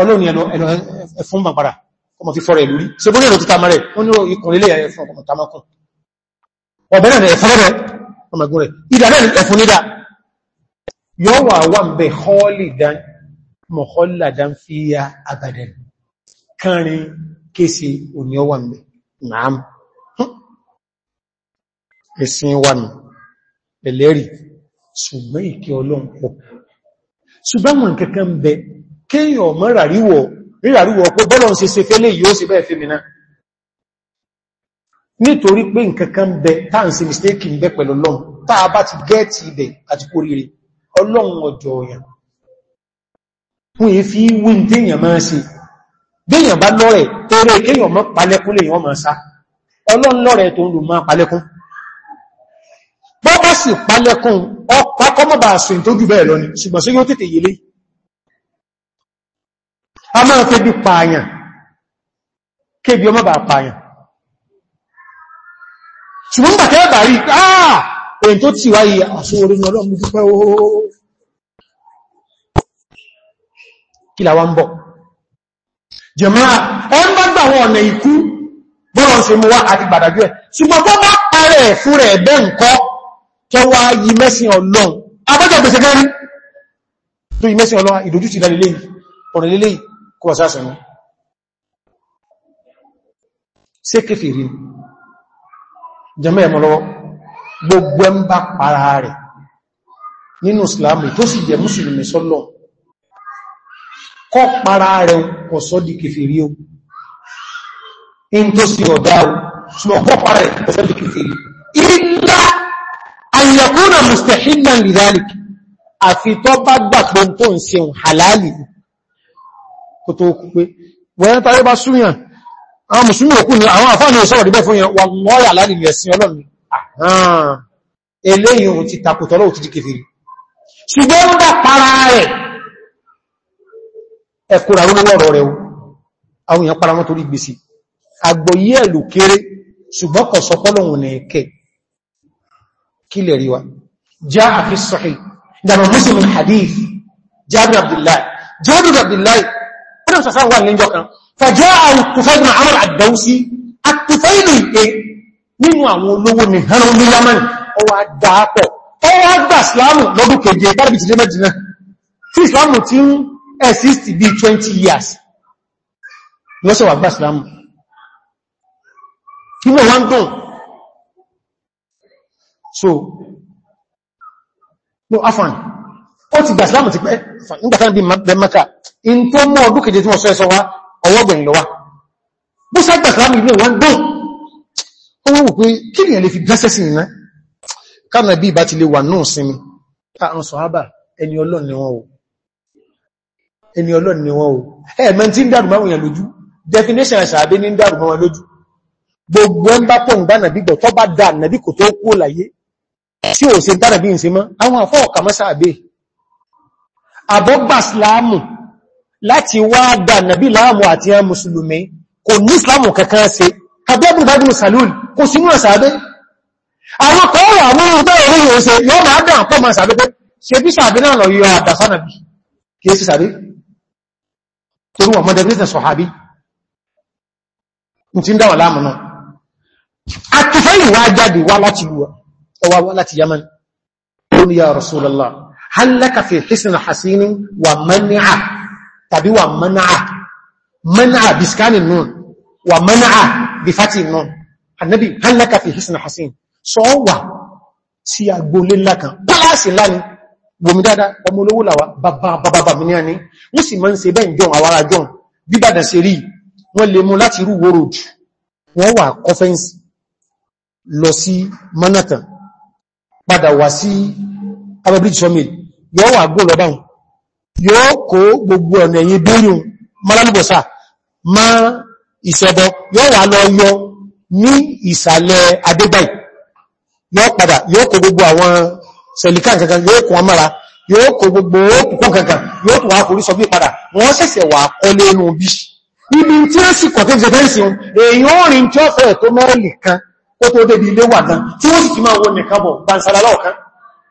ọlọ́ni ẹ̀lọ ẹ̀fún bàbára ọmọ fi fọ́rẹ̀ ìlú rí ṣe bó ní ẹ̀lọ títà mẹ́rẹ̀ ó ní ikùn ilé ẹ̀fún ọmọ tamakun ọ̀bẹ̀rẹ̀ ni ẹ̀fún rẹ̀ ọmọgun rẹ̀ ìdà náà ẹ̀fún nídà yóò wà wà ń bẹ̀ họ́ọ̀lìdán mọ̀họ́lìdán fi ya agadẹ̀ kánrin kése òní ọwà ṣùgbọ́n ìkẹ́ ọlọ́nkọ ṣùgbọ́n wọn kẹ́kẹ́ ń bẹ kéèyàn mọ́ ràríwọ̀ ríràríwọ̀ pé bọ́lọ̀ ṣe ṣe fẹ́lẹ̀ yóò sì bẹ́ẹ̀ fẹ́mìnà nítorí pé nkankan bẹ táà ń ṣe mistake ń bẹ pẹ̀lú ọlọ́run táà bá ti gẹ́ẹ̀tì ibẹ̀ àti kó rírí ọlọ́run ọjọ́ ọ̀yàn fún èéfí wí téèyàn máa ṣe déèyàn bá lọ́rẹ̀ tẹ́rẹ kéèyàn mọ́ palẹ́kún lè yàn máa sá ọlọ́run lọ́rẹ̀ tó ń lò a máa kébi pààyàn kébi ọmọ bà pààyàn ṣùgbọ́n bàtẹ́ bà rí àà ah, èyí tó ti wáyé àṣòrí ọlọ́mù dúpẹ́ ooo kí làwa ń bọ̀ jẹ̀mọ́ra ẹ ń bá gbà wọn ọ̀nà ikú bọ́rọ̀ ṣe mú wá àti gbàdàjú ẹ̀ ṣùgbọ́n bọ́ bá parẹ́ fún rẹ̀ bẹ́ ǹkọ́ tó wá yí mẹ́sìn ọlọ́run kó sásẹ̀mú sí kéfèrí jẹmọ́ ẹ̀mọ́ lọ́wọ́ gbogbo ẹ̀ ń bá para rẹ̀ nínú islamu tó sì jẹ mùsùlùmí sọ́lọ̀ kọ́ para rẹ̀ kò sọ di kéfèrí o in tó sì ọ̀dá o ṣùgbọ́n para rẹ̀ kò sọ di kéfèrí illa an yakuna mustahillan lidhalik àfi tó bá gbà pé tó ń halali yìí kò tó kú pé wọ́n tàbí bá súnyàn àwọn mùsùlùmí òkú ni àwọn àfáàní ìṣọ́rọ̀ díbẹ̀ fún yẹn wọ́n lọ́yà lálìlú ẹ̀sìn ọlọ́run àhán eléyìn ohun ti takùtọ̀ lóò ti di kèfèrí ṣùgbọ́n ó dá para rẹ̀ ẹkùnrà olówọ́rọ̀ rẹ̀ àwọn èèyàn para wọn torí gbèsè àgbọ̀yí sahih ìdàmà muslim hadith jábir abdullahi jábir abdullahi أنا سأسأل الله لنجوكا فجاء الطفيل بن عمر الدوسي الطفيل nínú àwọn olówó ní hẹ́rọ ní yamani ọwọ́ àdáàpọ̀ ọwọ́ àgbà islamu lọ́dún keje tàbí ti lé mẹ́jìnà tí islamu ti 20 years lọ́sẹ̀ wà gbà islamu inú wọ́n dùn so no afan ó ti gbàsílámù ti pẹ́ nígbàtán bí mẹ́mẹ́ka in tó mọ́ ọdún keje tí wọ́n sọ ẹsọ wá ọwọ́gbẹ̀rin lọ wá bó sá gbàsílámù ilé wọn gbọ́ ó wọ́n pé kí ni ẹ̀lẹ́ fi gẹ́sẹ̀ sí iná kánà bí ìbá ti lè wà náà sinmi ah, àwọn sọ̀hábà ẹni ni wọ́n o ẹni ọlọ́run ni wọ́n o ẹ̀mẹ́ tí ń dàrú definition ṣàbí ní ń dàrú máwọn lójú gbogbo ẹ̀ ń bá pọ̀ ń bá nàbí gbọ̀ tó bá dà nàbí kò tó kú láyé tí ò ṣe àwọn àfọ́ ọ̀kà mọ́ àbọ́gbà islamu láti wá gbà nàbí láàmù àti ya musulmi kò ní islamu kankan ṣe kàbẹ́bù bádùn salúl kò sí mú ọ̀sàbẹ́ àwọn kọ́ọ̀rọ̀ àwọn ọgbẹ́ orí yóò ṣe yóò máa dàn pọ̀ máa sàbẹ́ pé ṣe bí sàbẹ́ náà lọ yọ àdásánà bí kìí sí sàbẹ́ torí wọn mọ́dẹ̀ business sọ̀hábí ya Rasulallah هل لك في حسن حسين ومنع تبي ومنع منع بسكان النون ومنع بفتح النون النبي هل لك في حسن حسين سوى sí agbólé ńlá kan pálásì ńlá ni wòmí dáadáa ọmọ olówó làwà bàbàbàbà mi ní a ní wọ́n sì máa ń ṣe bẹ́ẹ̀ jọun àwárá jọun bíbàdà sí rí wọ́n lè mú láti rú wóró jù wọ́n wà kọfẹ́ǹsì lọ sí manhattan padà wá sí ababridge summit yóò wà gún lọ́bá hùn yóò kó gbogbo ọ̀nà ẹ̀yìn bíyùn mọ́lálùbọ̀sà ma ìṣẹ́bọ yóò wà lọ yọ ní ìsàlẹ̀ padà yóò kó gbogbo àwọn sẹ̀lìkàn kankan yóò kún amára yóò kó gbogbo kankan yóò tún sọ bí padà wọ́n ibi tí ó sì kọ̀tẹ́ ìṣẹ́ m ohun èèyàn orin tí ó tó mẹ́rin nìkan kó tó débi ilé wà gan tí sì máa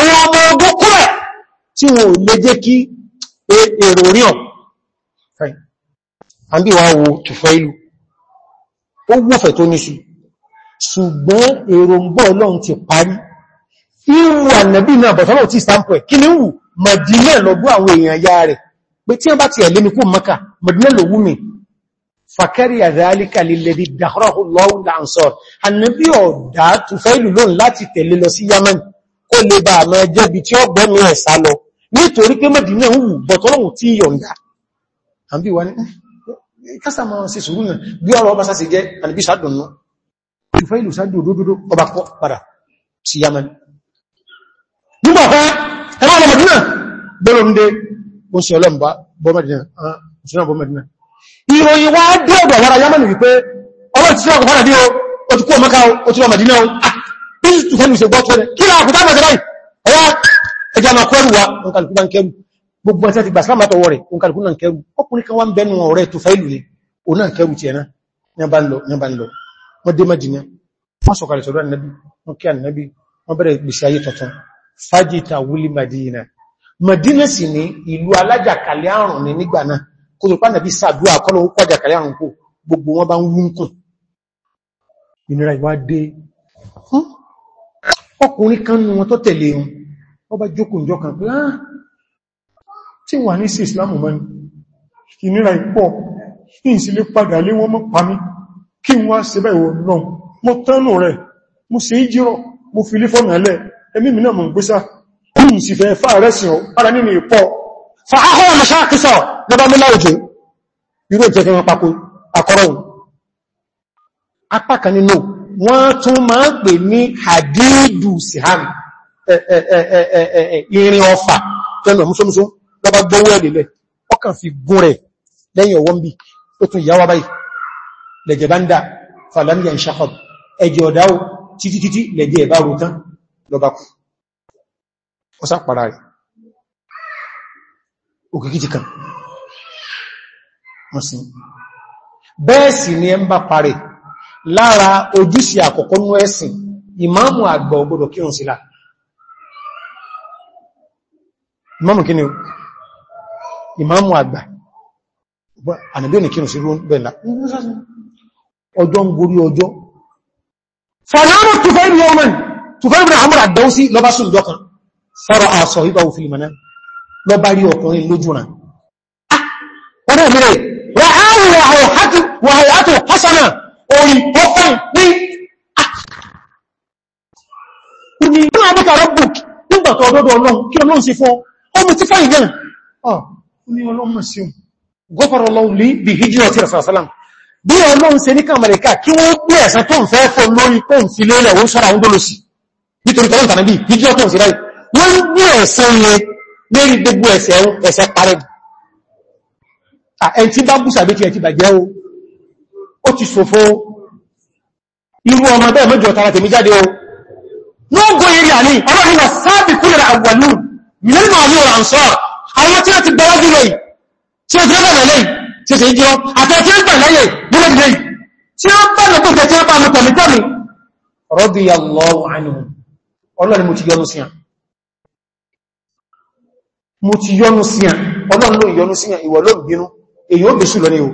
àwọn ọmọ ogun kúrẹ̀ tí wọn ò lè jẹ́ kí e, èrò ríọ̀ àbí wà wo tùfẹ́ ìlú ó wọ́fẹ̀ tó ní sí ṣùgbọ́n èrò ń bọ́ ọlọ́run ti parí ìwò ànàbí náà bọ̀tọ́lọ̀ tí stampọ̀ kí ní wù Mẹ̀dínà lọ́gbọ́ àwọn èèyàn ya rẹ̀ pé tí wọ́n bá ti ẹ̀lẹ́ mi kú Mẹ́kà Mẹ̀dínà ló wú mi fàkẹ́rì àdáríkà lílẹ̀ di dàkọ́rọ̀ lọ́wọ́ láǹsọ̀ ànàbí ọ̀dá tùfẹ́ ìlú lónìí láti tẹ̀lé lọ sí Yamani kó lè bá àmọ́ ẹjẹ́ bí tí ó gbẹ́mí ẹ̀ sá lọ nítorí pé Mẹ́dínà ń wù bọ̀ tọ́lọ́hùn tí yọ̀ǹda àbí wà ní eh, kásà máa sí sùúrù náà bí ọ̀rọ̀ ọba sáṣe jẹ́ àníbí sádùnnú ìfẹ́ ìlú sádù òdòdó ọba kọ́ padà sí Yaman nígbà fẹ́ ẹwà ọlọ́ Mẹ́dínà bọ́lọ́ ndé ó sì ọlọ́mbà Mẹ́dínà ìfẹ́lú ìṣẹ̀gbọ́ tó rẹ̀ kí láàkùtà mọ̀ sí báyìí ọwá ẹjà máa kọ́ ẹrù wa nkàlùkù bá ń kẹrù gbogbo ẹ̀sẹ̀ ti gbà sílámà tọwọ́ rẹ̀ nkàlùkù náà kẹrù ọkùnrin kan wá ń bẹnu ọ̀rẹ́ tó bá ń lọ ń lọ Madina Madina Madina sì ni ìlú alájàkálẹ̀ àrùn ní nígbà náà kó tó pàdàbí sàdúrà kọ́lọ̀ ó pàjàkálẹ̀ ìnira ìwádé ọkùnrin kan nù wọn tó tẹ̀lé wọn ọba jókùnjọ kan pé áà ah, tí wà ní sí islamu mọ́ ìnira ìpọ̀ ìsìlé padà lé wọn mọ́ pàmí kí wọ́n síbẹ̀ ìwọ̀n náà mọ́ tánù rẹ̀ mo sì í jírọ̀ mo fi lé fọ́nà ẹlẹ́ ẹmí mi náà mọ̀ ń gbésá ìyìn sì fẹ́ fà rẹ̀ sí ara nínú ìpọ̀ fa ahọ́wà mọ̀ ṣáàkísọ̀ lọ́bá mú láòjò irú ìjẹ́kẹ́ wọn wọ́n tún máa ń pè ní hadidu siham irin ọfà tẹ́lọ̀ múṣọ́múṣọ́ lọ́bá gbọ́wọ́ ẹ̀lẹ̀lẹ̀ ọkàn fi gún rẹ̀ lẹ́yìn ọwọ́n bí ó tún yáwá báyìí lẹ́jẹ̀ bá ń dà falamiya ń ṣàkọ̀ ẹjẹ̀ ọ̀dáwó títí títí lẹ́jẹ̀ ẹ̀bá rú tán lọ́bá kú ọsá pàrà rẹ̀ òkìkìtì kan wọ́n sí bẹ́ẹ̀ sì ni ẹ ń bá parẹ̀ lára ojúṣe àkọ́kọ́ nú ẹ̀sìn ìmáàmù àgbà ò gbọdọ̀ kírun sílá ìmáàmù kí ni ìmáàmù àgbà ànàbí òní kírun sí rú bẹ̀lá ọjọ́ ń gorí ọjọ́ fàlọ́rọ̀ tufẹ́ ìbìnà ọmọ tufẹ́ ìbìnà àmúrà àdáwọ́sí lọ́bá sùn dọ́kan sára àṣọ lọ́bá rí ọkùnrin lójú ràn orí ah. wọ́n fún ní òní ní àbíkà rọ́bù nígbàtọ̀ ọdọ́dọ̀ ọlọ́run kí ọlọ́run sí fún ọmọ tí fáyì náà ọ̀ ah, ní ọlọ́run sí gọ́fàrọ̀ ọlọ́run lè bí hijira tí rasasalam bí ọlọ́run ṣe ní kàmàríkà kí wọ́n gbé ẹ̀sẹ̀ tó ń fẹ́ fọ́ lórí pé ń fi lélẹ̀ ó sọ́ra ń dólò sí nítorí tọ́lọ́ tàbí hijira tó ń sí láì wọ́n gbé ẹ̀sẹ̀ yẹn lérí gbogbo ẹ̀sẹ̀ ẹ̀sẹ̀ parẹ́ ah, ẹ̀ntí bá bùsàbí ti ẹ̀ ti bàjẹ́ o ó ti sòfò irú ọmọ bẹ́ẹ̀ mẹ́jọ tara tèmi jáde o lóògbò eré àní ọlọ́rin wà sáàbì kúrẹ̀ àwọ̀lú mílẹ̀lìmọ̀ àmì ọ̀rọ̀ àǹsọ́ àwọn tí ó ti gbọ́wọ́ jùlọ tí ó ti rẹ̀ lẹ́lẹ́ tí ó sì jọ àti tí ó gbà lẹ́yẹ nílẹ̀ tí ó bá lọ pẹ̀lú tí ó bá lọ pẹ̀lú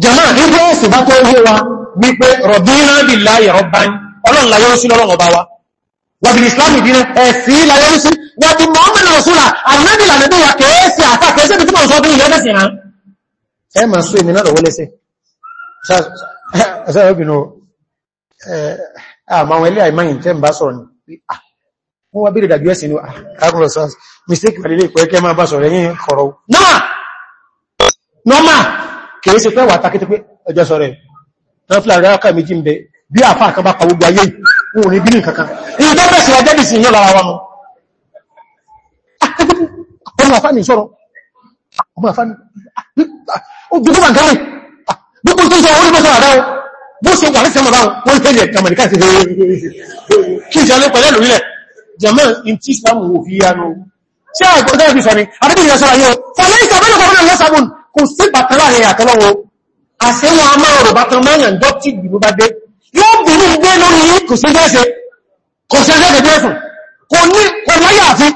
jama nígbé ẹ̀sìn bá tó yé wa wípé rọ̀bínà bí láyé rọ̀bán ọlọ́run láyé ó sí lọ́lọ́run ọba wa wàbìlì islam ìdínà ẹ̀sìn láyé ó sí wàbí mọ́mìnà ọ̀sùlà ànábìlà nẹ́bí wa kẹ́ẹ̀ẹ́sì àfà kẹ́ẹ̀ẹ́sì tí mọ̀ sọ́dún ilẹ̀ ẹ̀sìn hàn ẹ ma sún èmì náà lọ́wọ́ lẹ́sẹ̀ ṣáàbìnà àmàwọn ilé àìmáyìn tẹ́ ń bá sọ̀rọ̀ ní wọ́n wá bèèrè dàbí ẹ̀sìn ní àkàkùnlọ̀ sáàs mistake wà lè pẹ́ kẹ́ máa bá sọ̀rọ̀ ẹ̀yìn kọ̀rọ̀ náà kìí ṣe pẹ́ wà takété pé ẹjọ́ sọ rẹ̀ náà fílà rẹ̀ rákà méjì ń bẹ bí àfá àkàbà pàwọ́gbà ayé wọn ní bílì kankan èyí tó bẹ̀sẹ̀ àjẹ́bì sí yọ́lára wọn ah, ọmọ àfá ní sọ́rọ̀ ọmọ àfá ní ojúkú bàǹkárì gbogbo tó sọ orí mọ́sọ̀ àdáwọ bó ṣe wà ní sẹ́mọ̀ báwọn wọ́n tẹ́lẹ̀ kàmàlìkà sí kí n ṣàlẹ́ pẹ̀lẹ́ lórílẹ̀ jẹ́mọ́ in tí islamu wò fi yánu ṣe àgbọ́dá ìfisọ ni àdébìnrin ẹ̀ṣọ́ra yóò fọ́lẹ́ ìsàbẹ́lẹ̀ kọ̀ọ̀lẹ́ lọ́sàbùn kò sí bàtán láàrin àtọ́lọ́wọ́ àṣẹ́wọ̀n a máa rọ̀ bàtán mẹ́rin jọ tí ìgbìmọ̀ bá dé yóò bèèrè gbé lórí kò sí jẹ́ẹ̀ṣẹ́ kò sí jẹ́ẹ̀ṣẹ́ jẹ́ẹ̀fùn kò ní kò láyà àfi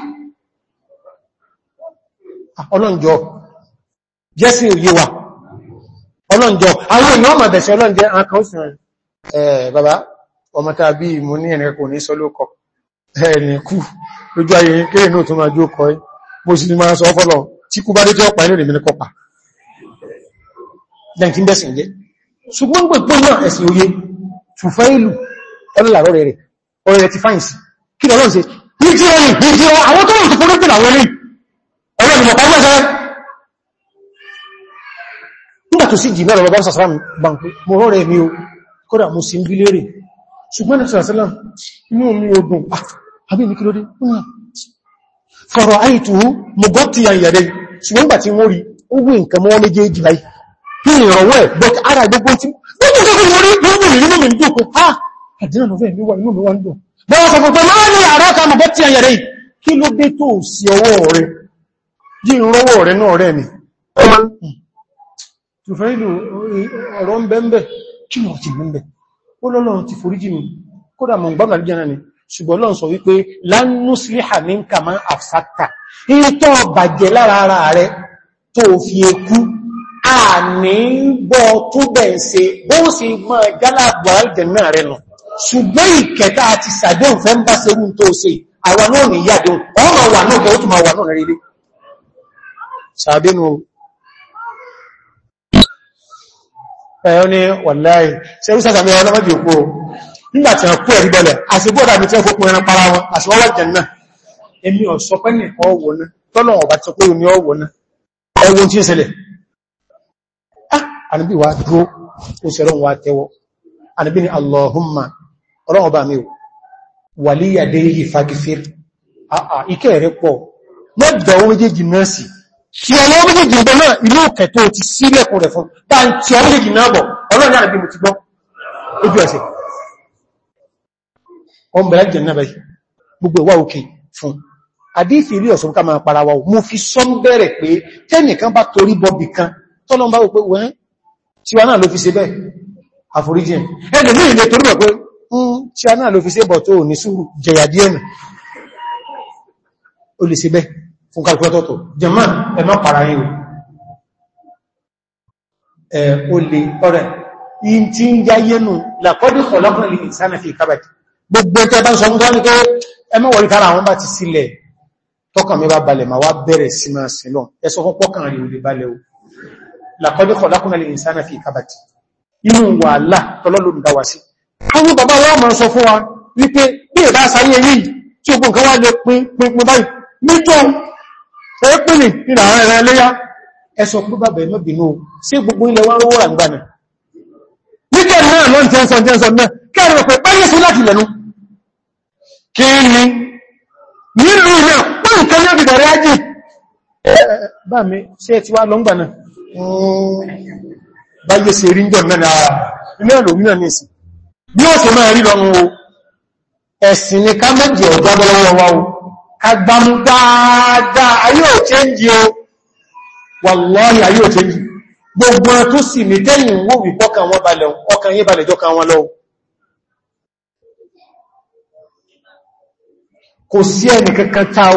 ọlọ́njọ́ jẹ́sí òye ọlọ́njọ́ àwọn dẹ̀kí bẹ́sìn jẹ́ ṣùgbọ́n gbogbo náà ẹ̀sìn òye Tùfáìlù ọlọ́làrọ̀ rẹ̀ ọ̀rẹ́ rẹ̀ ti fáyìnsì kí lọ́rọ̀ ṣe ní tí ó rìn ní tí ó àwọn tó rìn tó fún lópin àwọn rìn ọ̀rẹ́ ìmọ̀ pàmọ́ ṣẹ́rẹ́ nígbà tó sì jìnà ọ̀rọ̀ bọ́sà sàrán bàǹkú mo rọ̀rẹ̀ mi o kódà mo sì ń bí lérè ṣùgbọ́n ẹ̀sìn àṣẹ́lám inú mi ò dùn ah, àbí ní kílódé fọ̀rọ̀ àìtù mo gọ́ ti àyàdẹ ṣùgbọ́n gbà tí wọ́n rí ó wí nǹkan mọ́ méjèèjì báyìí kí ìrànwọ́ ẹ̀ but ara gbogbo tí gbogbo tó kún orí gbogbo ìrìnú mi dùn pé ah àdínà ló fẹ́ níwọ̀ inú mi wọ́n dùn bọ́wọ́ sọ pé máa ní àrá kàmù bọ́ tí ẹyẹrẹ kí ló dé tó sí ọwọ́ rẹ̀ yí ìrọwọ́ rẹ̀ náà rẹ̀ mi tùfẹ́ìlú ọ̀rọ̀ ń bẹ́ẹ̀ kí lọ ti bẹ́ẹ̀ ó lọ́lọ́run ni ṣùgbọ́n lọ́n sọ wípé lánúsílíhà ní kàmá àfsáta ìyẹn tó bàjẹ́ lára àní ń gbọ́ tó bẹ̀ ń se bó sì mọ́ jálàbọ̀ àìjẹ̀nà rẹ̀ nù ṣùgbọ́n ìkẹta àti sàdéhùn fẹ́ ń bá ṣe wùn tó ṣe àwa náà ní yàdéhùn ọmọ wà náà gẹ́ ó tún ma wà náà rẹ̀ sàbínú ẹ̀yọ́ ní wàláì ṣe ó sàtàmì ọ̀nà mọ́jì òpó nígbàtí wọ́n kú ẹ̀rí bọ́lẹ̀ àṣìbọ́dà mi tẹ́ fópin ẹran para wọn àṣìwọ́wọ́ jẹ̀nà èmi ọ̀sọ́pẹ́ nìkan ọwọ́ náà tọ́lọ̀ ọ̀bá tọ́pẹ́ ní ọwọ́ náà ẹwọ́n tí ń ṣẹlẹ̀ àníbí wa dúró ó ṣe rán wa tẹ́wọ́ àníbí ni allahumma ọlọ́wọ́ bá mi ò wàlíyàdé yìí fagifir ikẹ́ rẹ̀ pọ̀ mọ́gbà owó méjèèjì náà sí kí ọlọ́wọ́ méjèèjì ìbọn náà ilé òkè tó ti sílẹ̀kùn rẹ̀ fún bá ń tí ọlọ́wọ́ méjèèjì náà bọ̀ ọlọ́wọ́ náà bí mo ti gbọ́ ojú ẹsẹ̀ ọmọ ẹ̀jẹ̀ náà bẹ̀rẹ̀ gbogbo àdífì ilé ọ̀sán ká máa para fi sọ́m bẹ̀rẹ̀ pé tẹ́nìkan bá torí bọ́bì kan tọ́lọ́mbá wò pé wẹ́n tí wá náà ló fi ṣe bẹ́ àforíjìn ẹgbẹ̀ ní ilé torí ọ̀pẹ́ tí wá náà ló fi ṣe bọ̀ tó ní sùúrù jẹyà díẹ̀nà ó lè ṣe bẹ́ fún kalkulatọ́tọ̀ jẹmọ́ ẹmọ́ para yíò ẹ ó lè ọ̀rẹ́ in tí ń já yẹnu làkọ́dí kọ̀lọ́kùnrin ìsánà fi kábàtì gbogbo ẹ̀tẹ́ bá ń sọ fún tọ́ni pé làkọ́dé kọ̀lákùn alẹ́ ìsáná fi kábàtì inú wàhálà tọ́lọ́lùn dáwà sí àwọn bàbá wa máa sọ fún wa wípé bí ẹ̀dá sáyé rí tí ogun kan wá lè pín pín báyìí nítọ́ ẹ̀ẹ́pìnì ìlà ààrẹ ẹlẹ́yà ẹsọ pé bàbá ẹ̀mọ́ bínú sí gbogbo ilẹ̀ wá rówó rà gbànà nígbẹ̀ náà lọ́n tẹ́sàn tẹ́sàn náà kẹrọ pé báyé sí láti lẹ́nu kí ni nílùú náà pọ́nkẹ́ náà bìbẹ̀rẹ̀ ajé bá mi ṣe ti wá lọ́ngbà náà báyé se rí jọ mẹ́rin ara ilé ìlòmínà ní ìsìn bí ó sì máa rílọ ohun ẹ̀sìn ni ká o agbámú dáadáa ayé ò chẹ́njì o wàláhì ayé ò chẹ́njì gbogbo tó sì ní tẹ́yìn wó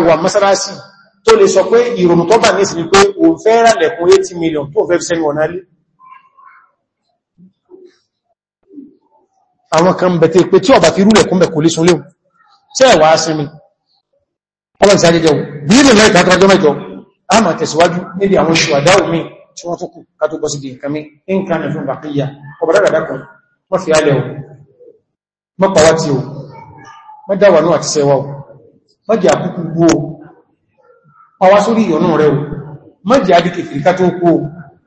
wọn tó lè sọ pé ìrònù tó bà ní ìsinmi pé o fẹ́ rálẹ̀kún 80 million tó fẹ́ sẹ́ni ọ̀nà lé àwọn kan bẹ̀tẹ̀ pé tí ọba fi rúlẹ̀kún bẹ̀ kò lè sun léhun tí ẹ̀wà tí wọ́n mi ń kan ẹ̀fún bàkíyà ọba dáadáa kan wọ́n fi alẹ́ o mọ́ pàwátí o mọ́ dáwà náà àti sẹ́wà o mọ́ jẹ́ àkúkú gbó o pàwá sórí ìyọnú rẹ̀ o mọ́jì àbí kèfìríká tó kó o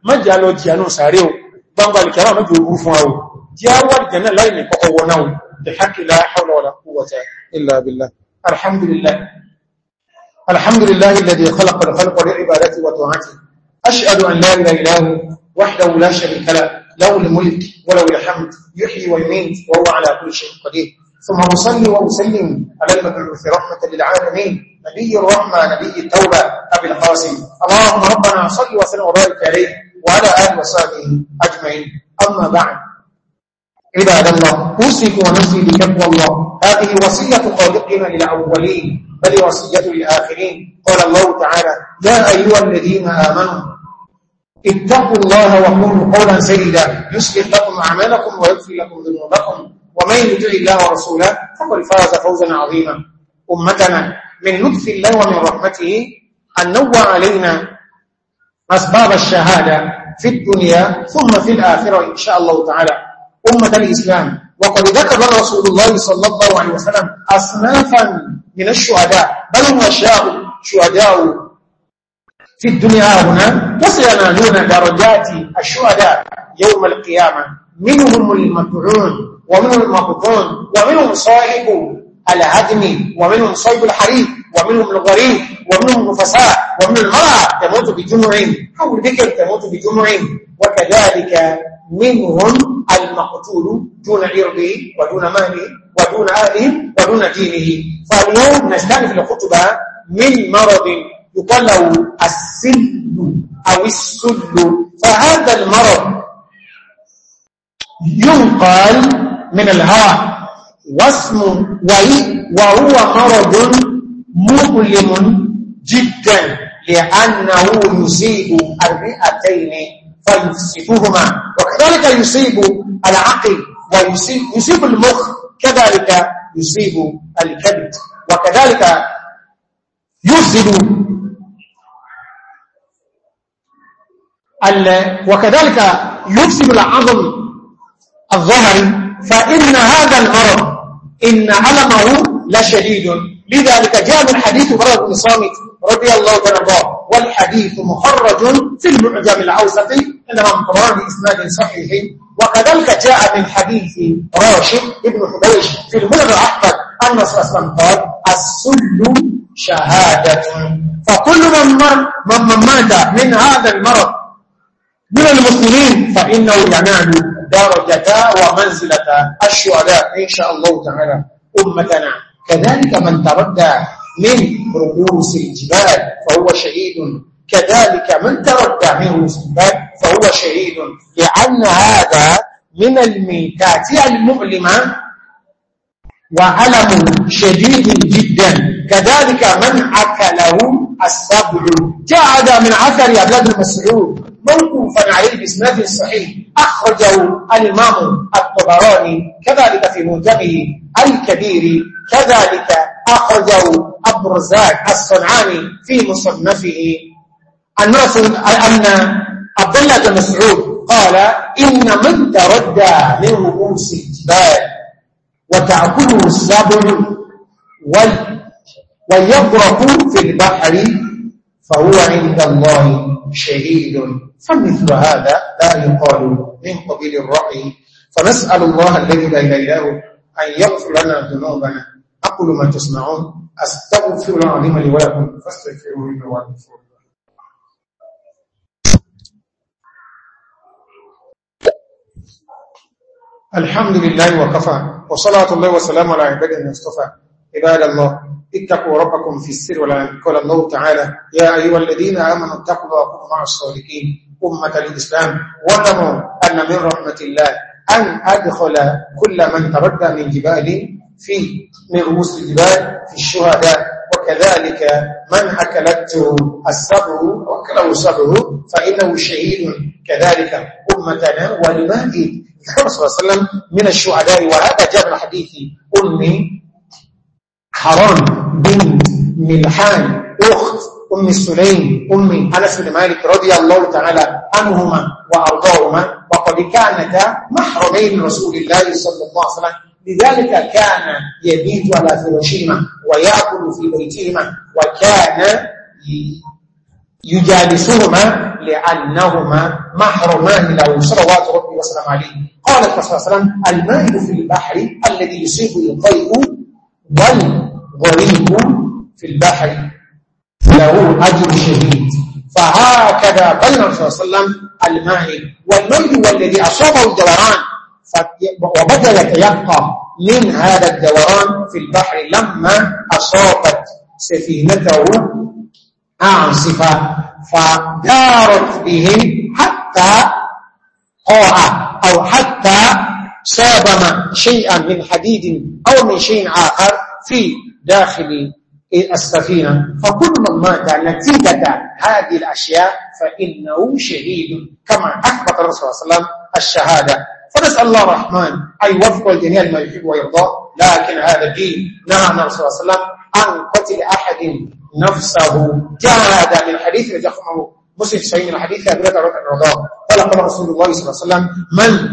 mọ́jì àlọ jìyànú sàárẹ̀ o gbangba alìkẹ́rà náà jò ogún fún àwọ̀ tí a wà jẹ́ náà láìní kọ́kọ́ wọ náà da hakila haula wala quwwata illa ثم نصلي ونسلم على المبعوث رحمة للعالمين نبي الرحمة نبي التوبة أبي القاسم اللهم ربنا صل وسلم وبارك عليه وعلى آله وصحبه أجمعين أما بعد عباد الله أوصيك ونفسي بتقوى الله هذه وصية خالقنا للأولين بل وصية للآخرين قال الله تعالى يا أيها الذين آمنوا اتقوا الله وكونوا قولا سيدا يصلح لكم أعمالكم ويغفر لكم ذنوبكم ومن يطع الله ورسوله فقد فاز فوزا عظيما أمتنا من لطف الله ومن رحمته أن نوى علينا أسباب الشهادة في الدنيا ثم في الآخرة إن شاء الله تعالى أمة الإسلام وقد ذكر رسول الله صلى الله عليه وسلم أصنافا من الشهداء بل هم شهداء في الدنيا هنا وسينالون درجات الشهداء يوم القيامة منهم المدعون ومنهم المقضان ومنهم صاحب العدم ومنهم صاحب الحريق ومنهم الغريب ومنهم النفساء ومنهم المرأة تموت بجمع أو البكر تموت بجمع وكذلك منهم المقتول دون عرضه ودون ماله ودون أهله ودون دينه فاليوم نجتمع في الخطبة من مرض يقال له السل أو السل فهذا المرض ينقل من الهوى واسم وي وهو مرض مؤلم جدا لأنه يصيب الرئتين فيفسدهما وكذلك يصيب العقل ويصيب يصيب المخ كذلك يصيب الكبد وكذلك يفسد وكذلك يفسد العظم الظهري فإن هذا المرض إن علمه لشديد لذلك جاء من حديث مرض بن صامت رضي الله عنه والحديث مخرج في المعجم العوسطي إنما مقرر بإسناد صحيح وكذلك جاء من حديث راشد بن حبيش في المنغ أحمد أن صلى الله عليه وسلم قال السل شهادة فكل من, مر من, من مات من هذا المرض من المسلمين فإنه ينال درجة ومنزلة الشهداء إن شاء الله تعالى أمتنا كذلك من تردى من رؤوس الجبال فهو شهيد كذلك من تردى من رؤوس الجبال فهو شهيد لأن هذا من الميتات المؤلمة وألم شديد جدا كذلك من أكله السبع جاء هذا من عثر يا بلاد المسعود موقوفا عليه بإسناد صحيح أخرجه الإمام الطبراني كذلك في موجبه الكبير كذلك أخرجه ابو الرزاق الصنعاني في مصنفه أن أن عبد الله بن مسعود قال إن من تردى من رؤوس الجبال وتأكله السبل ويغرق في البحر فهو عند الله شهيد فمثل هذا لا يقال من قبيل الرأي فنسأل الله الذي لا إله إلا أن يغفر لنا ذنوبنا أقول ما تسمعون أستغفر العظيم لولكم فاستغفروا فاستغفروه إنه الحمد لله وكفى وصلاة الله وسلام على عباده المصطفى عباد الله اتقوا ربكم في السر ولا قال الله تعالى يا أيها الذين آمنوا اتقوا الله وكونوا مع الصالحين أمة الإسلام واعلموا أن من رحمة الله أن أدخل كل من تردى من جبال في من رؤوس الجبال في الشهداء وكذلك من أكلته السبع وأكله السبع فإنه شهيد كذلك أمتنا ولماذا الرسول صلى الله عليه وسلم من الشهداء وهذا جاء حديث أمي حرام بنت ملحان أخت أم السليم أم أنس بن مالك رضي الله تعالى عنهما وأرضاهما وقد كانتا محرمين رسول الله صلى الله عليه وسلم لذلك كان يبيت على فراشهما ويأكل في بيتهما وكان يجالسهما لأنهما محرمان له صلوات ربي وسلم عليه قال صلى الله عليه وسلم المائل في البحر الذي يصيب القيء غريب في البحر له أجر شديد فهكذا بلغ صلى الله عليه وسلم الماء والميل والذي أصابه الدوران وبدأ يتيقى من هذا الدوران في البحر لما أصابت سفينته أعصفة فدارت بهم حتى قاع أو حتى سابما شيئا من حديد أو من شيء آخر في داخل السفينة فكل من مات نتيجة هذه الأشياء فإنه شهيد كما أثبت الرسول صلى الله عليه وسلم الشهادة فنسأل الله الرحمن أن يوفق الجميع لما يحب ويرضى لكن هذا الدين نهى الرسول صلى الله عليه وسلم أن قتل أحد نفسه جاهد من حديث رجحه مسلم سعيد الحديث أبي رضا ولقد رسول الله صلى الله عليه وسلم من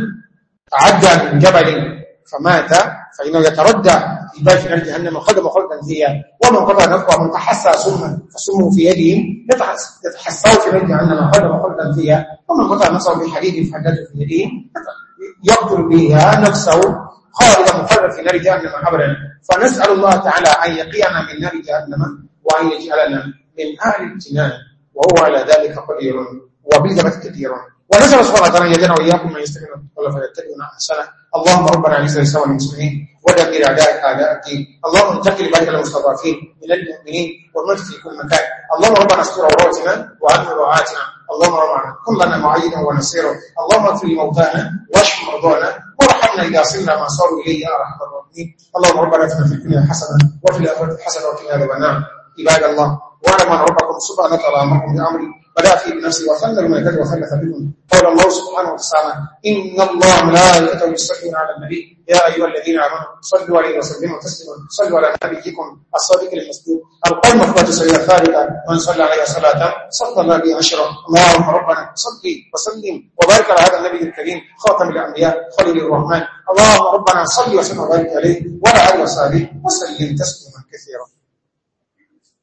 تعدى من جبل فمات فإنه يتردى الباب في نار جهنم خدم خلقا فيها ومن قطع نفقه من تحسى سما فسمه في يدهم يتحسى في نار جهنم خدم خلقا فيها ومن قطع نفسه بحديد فحدته في يده يقتل بها نفسه خالدا مخلدا في نار جهنم أبدا فنسأل الله تعالى أن يقينا من نار جهنم وأن يجعلنا من أهل الجنان وهو على ذلك قدير وبالجبت كثير ونسأل سبحانه وتعالى أن يجعلنا وإياكم من يستقيم القول فيتبعنا أحسنه اللهم ربنا عز لسوى المسلمين ودمر أعدائك أعداء الدين اللهم انتقل بارك المستضعفين من المؤمنين والموت في كل مكان اللهم ربنا استر عوراتنا وعن رعاتنا اللهم ربنا كن لنا معينا ونصيرا اللهم اغفر لموتانا واشف مرضانا وارحمنا إذا صرنا ما صاروا إليه يا أرحم الراحمين اللهم ربنا اتنا في الدنيا حسنة وفي الآخرة حسنة وفي هذا النار عباد الله واعلم أن ربكم سبحانه وتعالى أمركم بأمره بدأ فيه بنفسه وثنى الملائكة وثلث بهم قال الله سبحانه وتعالى إن الله لا يتوب يصلون على النبي يا أيها الذين آمنوا صلوا عليه وسلموا تسليما صلوا على نبيكم الصادق المصدوق القول مخبة سيدنا خالد من صلى عليه صلاة صلى الله عليه عشرة اللهم ربنا صلي وسلم وبارك على هذا النبي الكريم خاتم الأنبياء خليل الرحمن اللهم ربنا صلي وسلم وبارك عليه وعلى آله وصحبه وسلم تسليما كثيرا